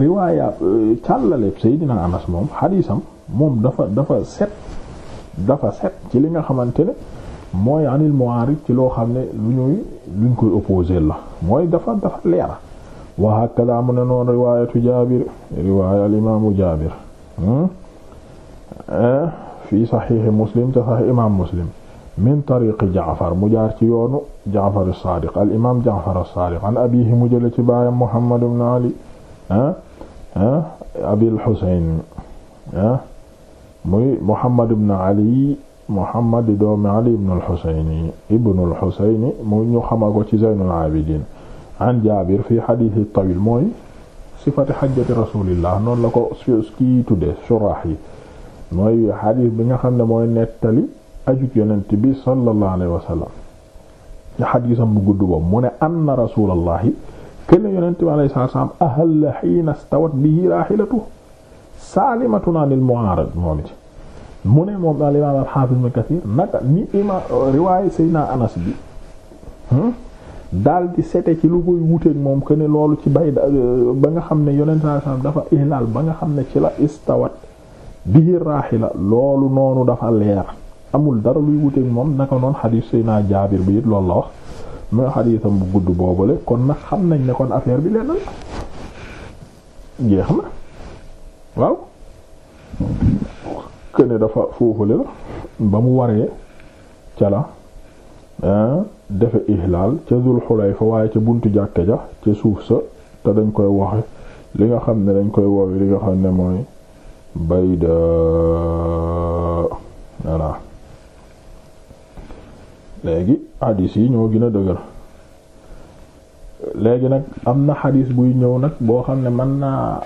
riwaaya eh, càllale Seydina Anas moom xadisam. moom dafa dafa set dafa set ci li nga xamante ne mooy anil mu'arid ci loo xam ne lu ñuy luñ koy opposé la mooy dafa dafa leer wa hakada mu ne noonu riwaayatu jaabir riwaaya al imaamu jaabir hmm? eh, fi saxiixi muslim te saxiix imaam muslim min tariqi jaafar mu jaar ci yoonu jaafar as-saadiq al imaam jaafar as-saadiq an abiihi mu jële ci baayam muhammad ibn ali eh, eh, abil husayn muy Muhammad ibn Ali Muhammad di doomi Ali ibn al-Husayn ibn al-Husayn mu ñu xamal ko ci Zaynul Abidin an Jaabir fi hadithi tawil mooy sifati hajjati rasulillah noonu la ko kii tudde surah yi mooy hadith bi nga xam ne mooy nettali ajut yonent bi sallallahu alayhi wa sallam ci hadisam bu gudd boobu mu ne anna rasulallahi kenn yonent bi alayhi salaam ahalla hiina stawat bihi raahilatuhu saalimatun anil mu'arad moom it mu ne moom daal imaam al-Hafiz Ibn Kathir naka ni ima riwaaye Anas bi hmm, daal di sete ci lu koy wuteeg moom que ne loolu ci bay ba nga xam ne yonent dafa ihlaal ba nga xam ne ci la istawat bihi raahila loolu noonu dafa leer amul dara luy wuteeg moom naka noon xadiis Seydina Jaabir bi it loolu wax mooy xadiisam bu gudd boobule kon nag xam nañ ne kon affaire bi lenn la jeex waaw këne dafa foofule la ba mu waree ca la defe ihlaal ca Zul Xulayfa waaye ca buntu jàkka ja ca suuf sa te dañ koy waxe li nga xam ne dañ koy wowi li nga xam ne mooy bayda voilà léegi hadis yi ñoo gën a dëgër léegi nag am na hadis buy ñëw nag boo xam ne mën naa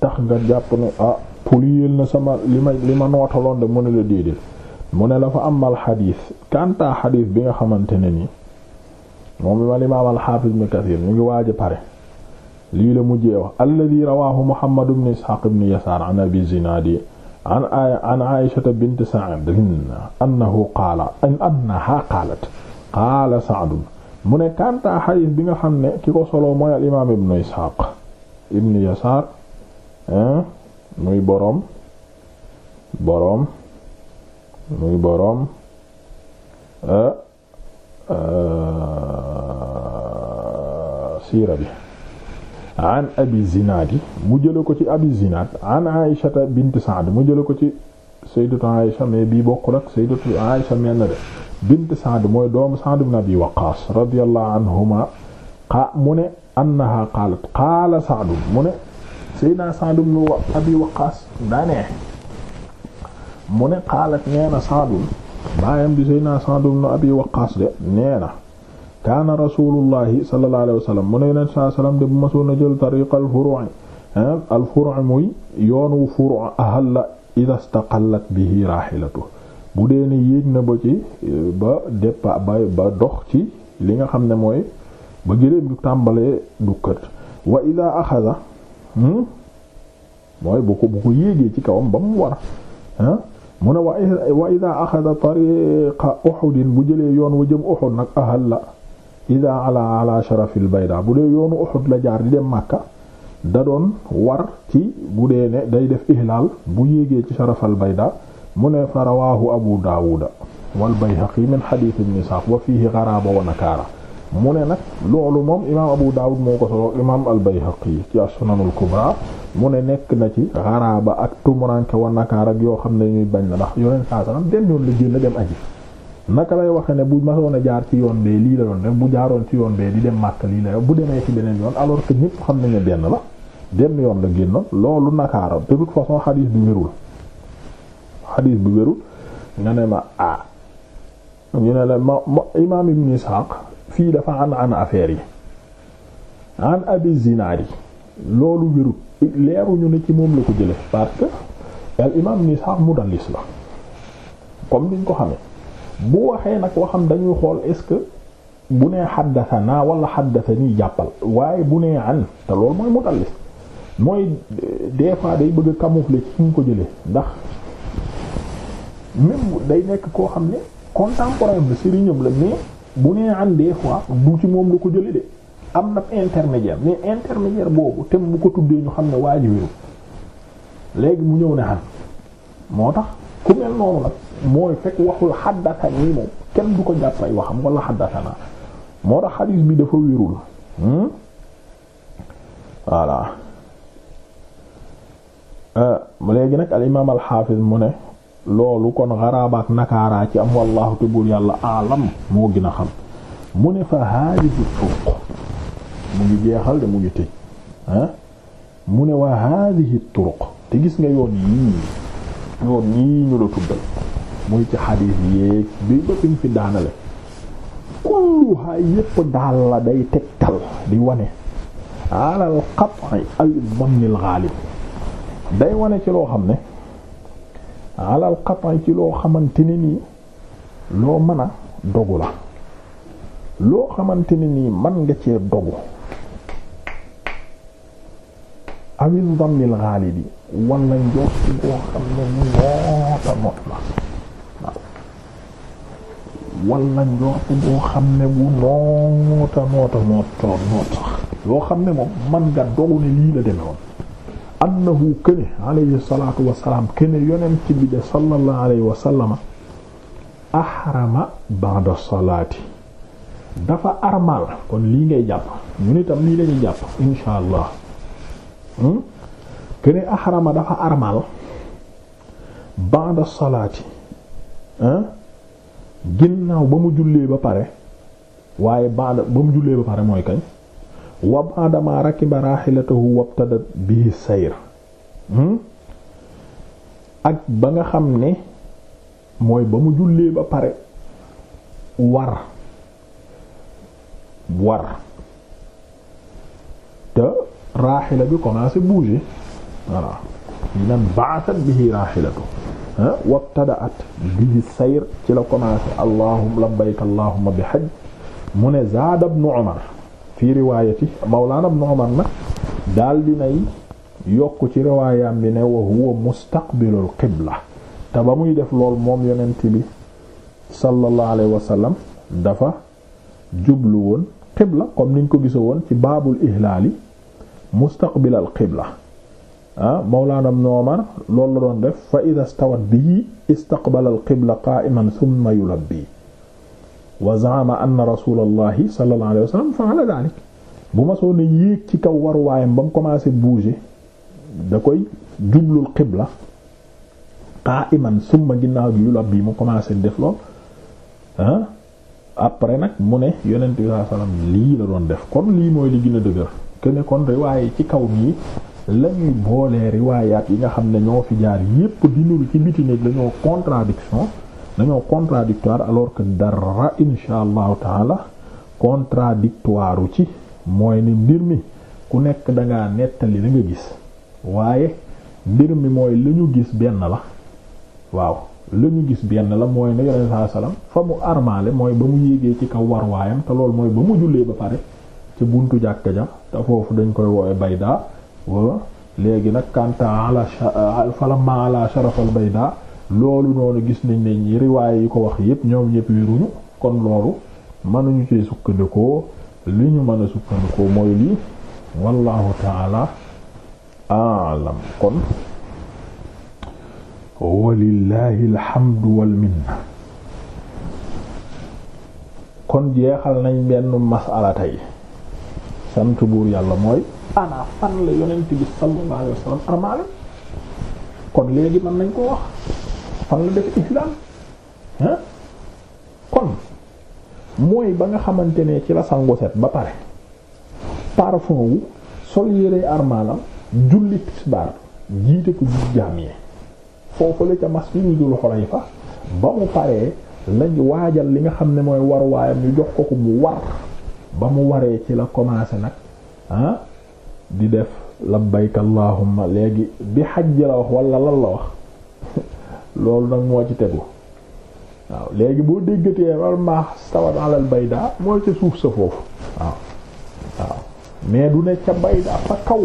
tax nga jàpp ne a ah, poliyeel na sama li ma li ma nootaloon de mu ne la déedéet mu ne la fa amal xadiis kanta xadiis bi nga xamante ne nii moom bi ma limaam alxaafis ibn Kasiir ñu ngi waaj a pare lii la mujjee wax alladi rawaahu Muhammad ibn Isxaaq ibn Yasaar an Abi Zinaadi an an Aysata bint Sa'd annahu qaala annahaa qaalat qaala Sa'd mu ne kanta xadiis bi nga xam ne ki ko solo mooy al imaam ibn Isxaaq ibn Yasaar muy boroom boroom muy boroom euh, siira bi an abi zinaadi mu jële ko ci abi zinaad an aishata bint saad mu jële ko ci sayyidatu aisha mais bii bokkul ak sayyidatu aisha menn de bint saad mooy doom saad ibn abi waqaas radiyallahu anhuma qaa mu ne annaha qaalat qaala saad mu ne Seydina Sa'd ibn Abi Waqqas daanee mu ne xaalat nee na Sa'd baayam di Seydina Sa'd ibn Abi Waqqas de nee na kaana rasulullahi sallallahu alayhi wa sallam mu ne yonent saa sallam de bu masoon a jël tariqa al furu' al furu' muy yoonu furu' ahalla idha istaqallat bihi raahilatu bu dee ni yéeg na ba ci ba déppa ba ba dox ci li nga xam ne mooy ba gëléem du tàmbalee du kër wa idha akhadha mooy hmm? bu ko bu ko yéegee ci kawam ba mu war ah mu ne wa ida axada tariqa Uhudin bu jëlee yoon wa jëm Uhud nag ahal la ida ala ala sharafil bayda bu dee yoonu Uhud la jaar di dem Makka da doon war ci bu dee ne day def ihlaal bu yéegee ci sharafal bayda mu ne fa rawaahu Abu Daawuda wal Bayhaqi min xadiis ibn Isaaq wa fiihi garaaba wa nakaara mu ne nag loolu moom imaam Abu Dawud moo ko solo imaam al yi ci as-Sunanul Kubra mu ne nekk na ci xaraaba ak tumuranke wa nakaar ak yoo xam ne ñuy bañ la ndax yoneen saa salaam benn yoon la génn dem aji naka lay waxe ne bu masoon a jaar ci yoon bee lii la doon def bu jaaroon ci yoon bee di dem Makka lii la bu demee ci beneen yoon alors que ñëpp xam nañu benn la benn yoon la génnoon loolu nakaaram de toute façon xadiis bi wérul xadiis bi wérul ma ah ñu ne la ma imaam Ibn Ishaq fii dafa an an affaire yi an abi zinaar yi loolu wérut leeruñu ne ci moom la ko jële parce que al imam ni sax la comme niñ ko xamee bu waxee nag waxam dañuy xool est-ce que bu nee xaddasanaa wala xaddasanii jàppal waaye bu nee an te lool mooy mudallis mooy des fois day bëgg a camoufler ci ñu ko jële ndax même day nekk koo xam ne contemporain bi sëriñam la mais bu nee am des fois du ci moom la ko jële de am na intermédiaire mais intermédiaire boobu te mu ko tuddee ñu xam ne waa ji wéru léegi mu ñëw ne am moo tax ku mel noonu nag mooy fekk waxul xaddasa nii moom kenn du ko jàpp ay waxam wala xaddasa naa moo tax xadiis bi dafa wérul hmm? voilà euh, léegi nag al imaam mu ne loolu kon xaraabaak nakaaraa ci am wallahu te buur yàlla alam moo gin a xam mu ne fa haadihi turuq mu ngi jeexal de mu ngi tëj ah mu ne waa haadihi turuq te gis nga yoon yii yoon yii ñu la tuddal muy ci xadiis yéeg bi ba fi ñu fi daanale kulluhaa yépp daal la day tegtal di wane alal qat'i al damnil ghalib day wane ci loo xam ne alal xapan ci loo xamante ne nii loo mën a dogu la loo xamante ni nii man nga cee dogu awil dammil xaalidi wala njort goo xam ne moota not xam ne bu noota noota noot noot sax loo xam ne moom mën nga dogu ne lii la deme annahu këne alayhi salatu wasalaam këne yonent bi de sallallahu alayhi wa sallama ahrama ba'da salaati dafa armal kon lii ngay jàpp ñun itam lii lañuy jàpp insha allah hmm? këne ahrama dafa armal ba'da salaati ginnaaw ba mu jullee ba pare waaye ba'da ba mu jullee ba pare mooy kañ wa ba'dama rakiba rahilatahu wabtada bihi sayr hmm? ak ba nga xam ne mooy ba mu jullee ba pare war war te raaxila bi commencé bouger voilà nan ba'athat bihi raaxilatu wabtada'at bihi sayr ci la commencé allahumma labbayka allahumma bi hajj mu ne zaada ibn umar fii riwaayati mawlaana ibn Umar nag daal dinay yokk ci riwaayam bi ne wa huwa mustaqbilul qibla te ba muy def lool moom yonent bi sallallahu alayhi wa dafa jublu woon qibla comme niñ ko gisa woon ci baabul ihlaali mustaqbilal qibla ah mawlaana ibn Umar la doon def fa ida stawat bihi istaqbalal qibla qa'iman thumma yulabbi wa zaama anna rasulallahi sallallahu alayhi wa sallam fa'ala dhalik bu ma soo ne yéeg ci kaw waruwaayam bam mu commencé bouger da koy jublul qibla qa'iman summa ginnaaw gi yu bii mu commencé def lool ah après nag mu ne yonent bi sallallahu alayhi lii la doon def kon lii mooy li gën a dëgër que ne kon riwaaye ci kaw nii la ñuy boolee riwaayaat yi nga xam ne ñoo fi jaar yépp di nuru ci biti ne dañoo contradiction dañoo contradictoire alors que dara insha allahu taala contradictoire ci mooy ni mbir mi ku nekk danga nettali la nga gis waaye mbir mi mooy la gis benn la waaw la ñu gis benn la mooy ne yonent saa fa mu armaale mooy ba mu yéegee ci kaw war waayam te loolu mooy ba mu jullee ba pare ci buntu jàkk ja te foofu dañ koy woowe baydaa léegi nag kanta ala falamma ala sharafal baydaa loolu noonu gis nañ ne ñi riwaay yi ko wax yépp ñoom ñépp wéruñu kon loolu mënuñu cee sukkandikoo li ñu mën a sukkandikoo mooy lii wallahu taala alam kon walillahi alhamdu wal minna kon jeexal nañ benn masala yi sant buur yàlla mooy ana fan la yonent bi sallallahu alayhi armaale kon léegi mën nañ ko wax fan la def islam ah kon mooy ba nga xamante ne ci la sangu set ba pare parfum wu sol yére armalam julli tisbaar jiite ko jub jaam yi foofu la ca masjidul xulayfa ba mu paree lañ waajal li nga xam ne mooy war waayam ñu jox ko ko mu war ba mu waree ci la commencé nag ah di def labbayk allahumma léegi bi xaj la wax wala lan la wax loolu nag moo ci tegu waaw léegi boo déggatee wal maax sawat alal bayda mooy suuf sa mais du ne ca bayda fa kaw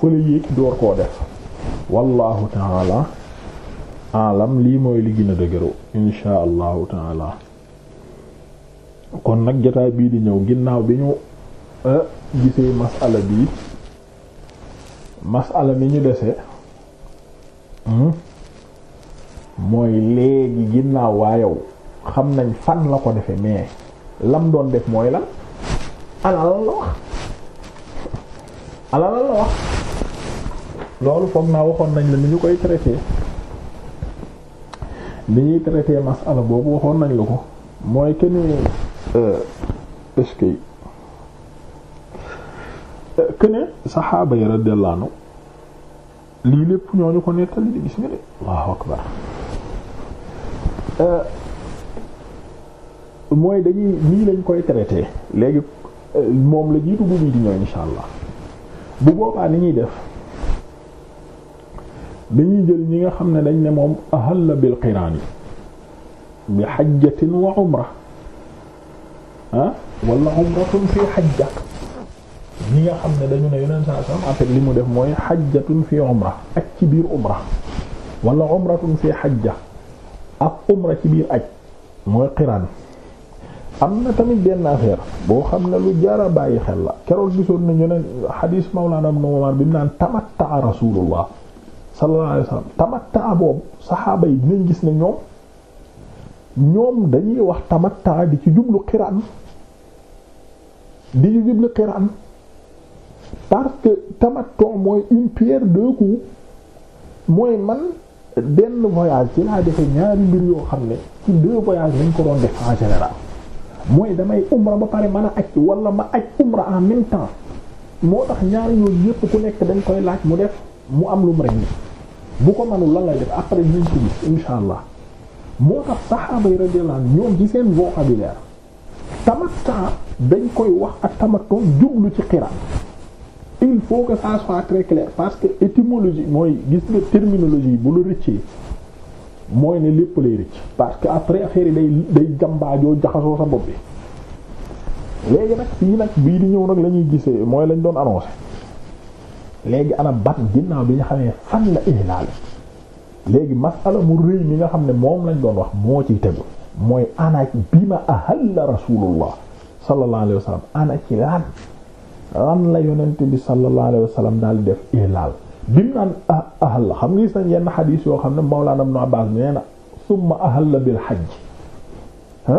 fële yéeg door koo def wallahu taala alam lii mooy li gën a dëgëru insha allahu taala kon nag jotaay bii di ñëw ginnaaw bi ñu gisee masala bii masala mi ñu desee hmm? mooy léegi ginnaaw waa yow xam nañ fan la ko defee mais lam doon def mooy lan alal la wax alal la wax loolu foog naa waxoon nañ la ni ñu koy traité ni ñuy traité masala boobu waxoon nañ la ko mooy kenn euh, est-ce que kenn euh, saxaaba yi radiyallahu lii lépp ñooñu ko nettali di gis nga de Allahu akbar Euh, mooy dañuy nii lañ koy traité léegi euh, moom la jiitu bu bii di ñëw insha allah bu boobaa ni ñuy def dañuy jël ñi nga xam ne dañ ne moom ahalla bil qiraan yi bi xajjatin wa umra ah wala umratun fi xajja ñi nga xam ne dañu ne yeneen saa sam li mu def mooy xajjatun fi umra ak ci biir umra wala umratun fi xajja ak umra ci biir aj mooy xiraan am na tamit benn affaire boo xam ne lu jara bàyyi xel la keroog gisoon nañu ne xadiis Mawlana Ibn bi mu naan tamatta rasulullah sallallahu alayhi wasallam tamatta boobu saxaaba yi dinañ gis ne ñoom ñoom dañuy wax tamatta di ci jublu xiraan di ci jublu xiraan parce que tamatta mooy une pierre mooy man benn voyage ci laa defee ñaari mbir yoo xam ne ci deux voyages lañ ko doon def en général mooy damay umra ba pare mën a aj wala ma aj umra en même temps moo tax ñaari yooyu yépp ku nekk dañ koy laaj mu def mu am lu mu rek bu ko manul lan def après dinañ ko gis insha moo tax saxaaba yi radiyallahu anhum ñoom ci seen vocabulaire tamattu dañ koy wax ak tamattu jublu ci xira il faut que ça soit très clair parce que étymologie mooy gis nga terminologie bu la rëccee mooy ni lépp lay rëcc parce que après affaire yi day day jambaajoo jaxasoo sa bopp bi léegi nag fii nag bii di ñëw nag lañuy ñuy gisee mooy lañ doon annoncé léegi ana bat ginnaaw bi nga xamee fan la ihlaal léegi masala mu rëy mi nga xam ne moom lañ doon wax moo ci tegu mooy ana bi ma ahalla rasulullah sallallahu alayhi wa sallam ci lan lan la yonent bi sallallahu alayhi wa sallam daal def ilaal bim naan ah, ahal xam nga gis nañ yenn xadiis yoo xam ne Mawlana Ibn Abbaas nee na summa ahal la bil hajj ha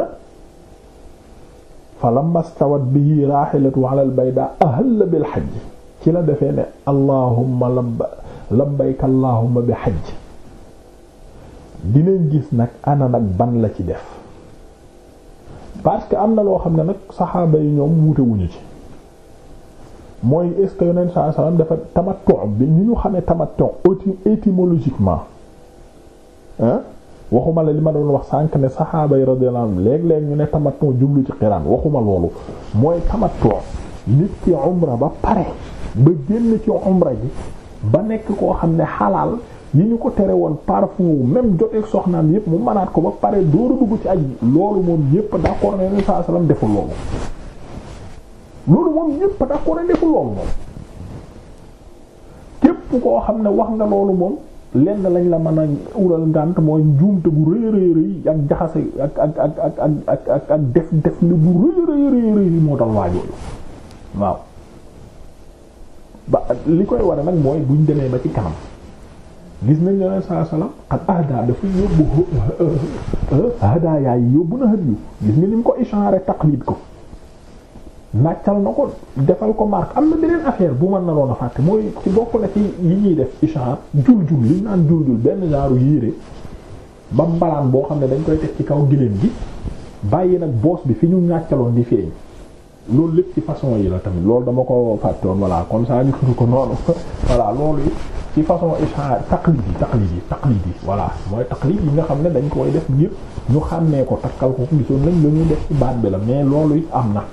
fa lamma stawat bihi raahilatu ala al bayda ahal la bil hajj la defee ne allahumma labba labbayka allahumma bi hajj dinañ gis nag ana nag ban la ci def parce que am na loo xam ne nag saxaaba yi ñoom wuute wuñu ci mooy est-ce que yonent saa salaam dafa tamattu bi ni ñu xamee tamattu étymologiquement hein waxuma la li ma doon wax sànq ne saxaaba yi radiyallahu anhum léeg-léeg ñu ne tamattu jublu ci xiraan waxuma loolu mooy tamattu nit ki umra ba pare ba génn ci umra ji ba nekk koo xam ne xalaal yi ñu ko tere woon parfum même joteeg soxnaam yépp mu mënaat ko ba pare dooru dugg ci aj loolu moom yépp d'accord ne yonent saa salaam deful loolu loolu moom ñépp d'accord defu loolu moom képp koo xam ne wax nga loolu moom lenn lañ la mën a ural ngànt mooy njuumte bu rëy rëy rëy jaxase ak ak ak ak def def li bu rëy rëy rëy moo tax waajooyu waaw ba li koy ware nag mooy buñ demee ba ci kanam gis nañ yoneen saa salaam ak ahda dafa yóbbu ahda yaay yóbbu na hët yu gis ni lim ko ishaare taqlid ko màccal na ko defal ko marque am na beneen affaire bu mën na loon a fàtte mooy ci bokk na ci yi ñuy def ishaar juljul li ñu naan juljul benn genre yéere ba mbalaan boo xam ne dañ koy teg ci kaw giléem gi bàyyi nag boos bi fi ñu ñàccaloon di feeñ loolu lépp ci façon yi la tamit loolu dama ko fàttewoon voilà comme ça ñu tudd ko noonu <laughs> voilà loolu ci façon ishaar taqlid yi taqlid yi taqlid yi voilà mooy taqlid yi nga xam ne dañ koy def ñépp ñu xàmmee ko takkal ko gisoon nañ la ñuy def ci baat bi la mais loolu it am na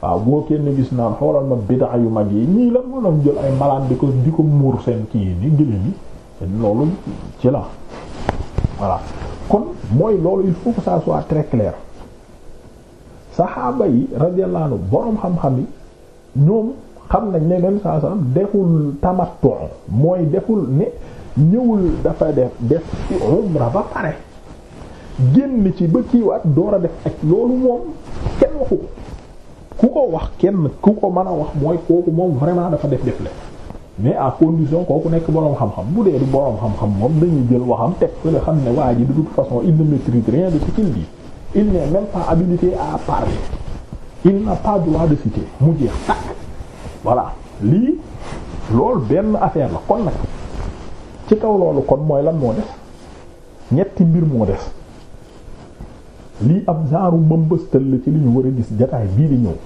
waaw boo kenn gis naan xoolal ma bid'a yu mag yi ñii la moo doon jël ay malaan di ko di ko muur seen kii ni gëlëm yi loolu ci la voilà kon mooy loolu il faut que ça soit très clair saxaaba yi radiyallahu anhu boroom xam-xam yi ñoom xam nañ ne leen saa salaam deful tamattu mooy deful ne ñëwul dafa def def ci umra ba pare génn ci ba kiiwaat door a def ak loolu moom kenn waxu ku ko wax kenn ku ko mën a wax mooy kooku moom vraiment dafa def def le mais à condition kooku nekk boroom xam-xam bu dee du boroom xam-xam moom dañuy jël waxam teg fële xam ne waa ji de toute façon il ne maîtrise rien de ce qu'il dit il n'est même pas habilité à parler il n'a pas droit de citer mu jeex takk voilà lii loolu benn affaire la kon nag ci kaw loolu kon mooy lan moo def ñetti mbir moo def lii ab genre mbëmbëstal la ci li ñu war a gis jataay bii di ñëw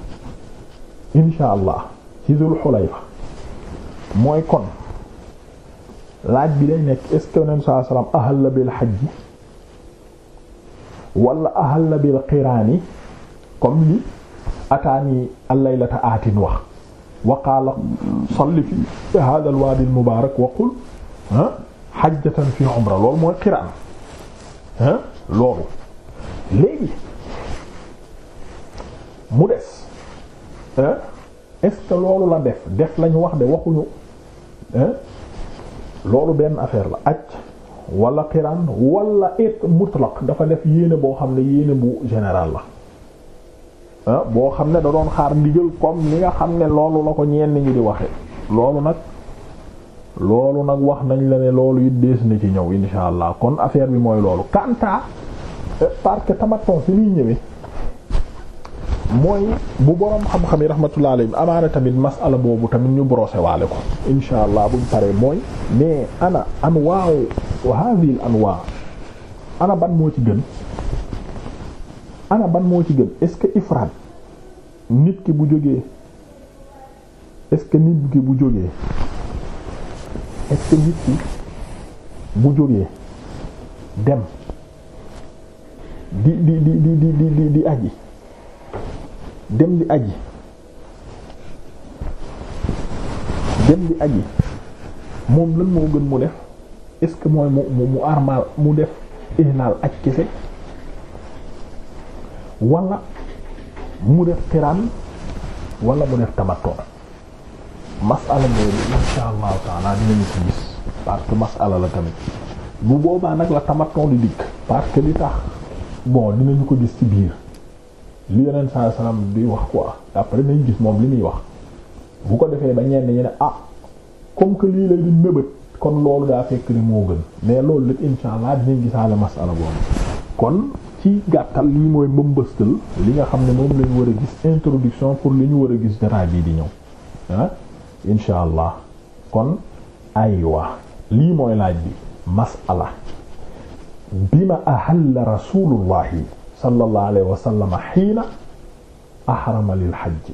insha allah ci Dul Xulayfa mooy kon laaj bi day nekk est-ce que nabi sallallahu alayhi wasallam ahalla bil hajji wala ahalla bil qiraani comme li ataani allaylata aatin wax wa qaala salli fi hada al waadi al mubaarak wa qul hajjatan fi umra loolu mooy qiraan loolu léegi mu des est-ce loolu la def def lañu wax de waxuñu loolu benn affaire la aj wala xiraan wala it mutlaq dafa def yéene boo xam ne yéene bu général la boo xam ne da doon xaar jël comme ni nga xam ne loolu la ko ñenn ñi di waxe loolu nag loolu nag wax nañ la ne loolu it dees na ci ñëw insha allah kon affaire bi mooy loolu kanta parce que tamaton fi muy ñëwee mooy bu boroom xam-xam yi rahmatullah alayhi amaana tamit masala boobu tamit ñu brosser waale ko insha allah buñ paree mooy mais ana anwaaw hadhihi al anwaa ana ban moo ci gën ana ban moo ci gën est-ce que ifrad nit ki bu jógee est-ce que nit ki bu jógee est nit ki bu jógee dem di di di di di di di aji dem di aji dem di aji moom lan moo gën mu def est-ce que mooy mu mu mu mu def ihlaal aj kese wala mu def xiraan wala mu def tamattu masala boobu insha allahu taala dinañu ko gis parce que masala la tamit bu boobaa nag la tamattu di dikk parce que li tax bon dinañu ko gis ci biir li yeneen saa salaam di wax quoi après nañ gis moom li muy wax bu ko defee ba ñenn ñi ne ah comme que lii lay di nëbët kon loolu daa fekk ni moo gën mais loolu lépp insha allah dinañ gisaale masala boobu kon ci gàttal lii mooy mbëmbëstal li nga xam ne moom lañu war a gis introduction pour li ñu war a gis dara yi di ñëw ah insha allah kon aywa lii mooy laaj bi masala bima ahalla rasulullahi sallallahu alayhi wa sallam xiina ahrama lil hajj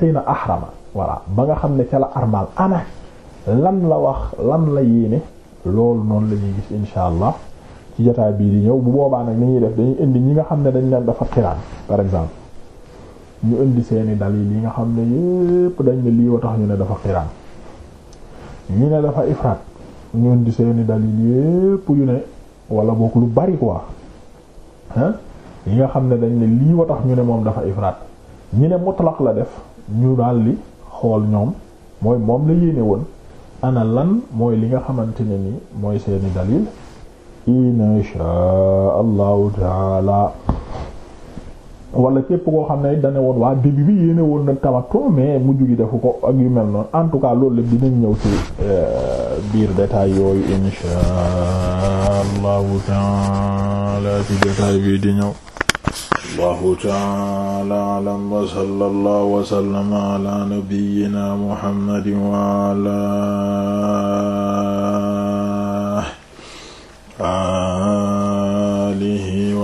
xiina eh, ahrama voilà ba nga xam ne ca la armal ana la wax lan la yéene loolu noonu la ñuy gis insha allah ci jotaay bii di ñëw bu boobaa nag ni ñuy def dañuy indi ñi nga xam ne dañ leen dafa xiraan par exemple ñu indi seeni dalil yi nga xam ne yépp dañ ne ñu ne dafa xiraan ñu ne dafa ifraat ñu indi seeni dalil yépp yu ne wala boog lu bari quoi ah yi nga xam ne dañ ne lii wa tax ñu ne moom dafa ifraat ñu ne mutlaq la def ñu daal li xool ñoom mooy moom la yéene woon ana lan mooy li nga xamante ne ni mooy seeni dalil insha allahu taala wala képp koo xam ne dane woon waa début bi yéene woon na tamattu mais mujj gi defu ko ak yu mel noonu en tout cas loolu lépp dinañ ñëw ci euh, biir détail yooyu insha allahu taala ci détail bi di ñëw allahu taala alam wa sallallahu wa sallama ala nabiyyina muhammadin wa ala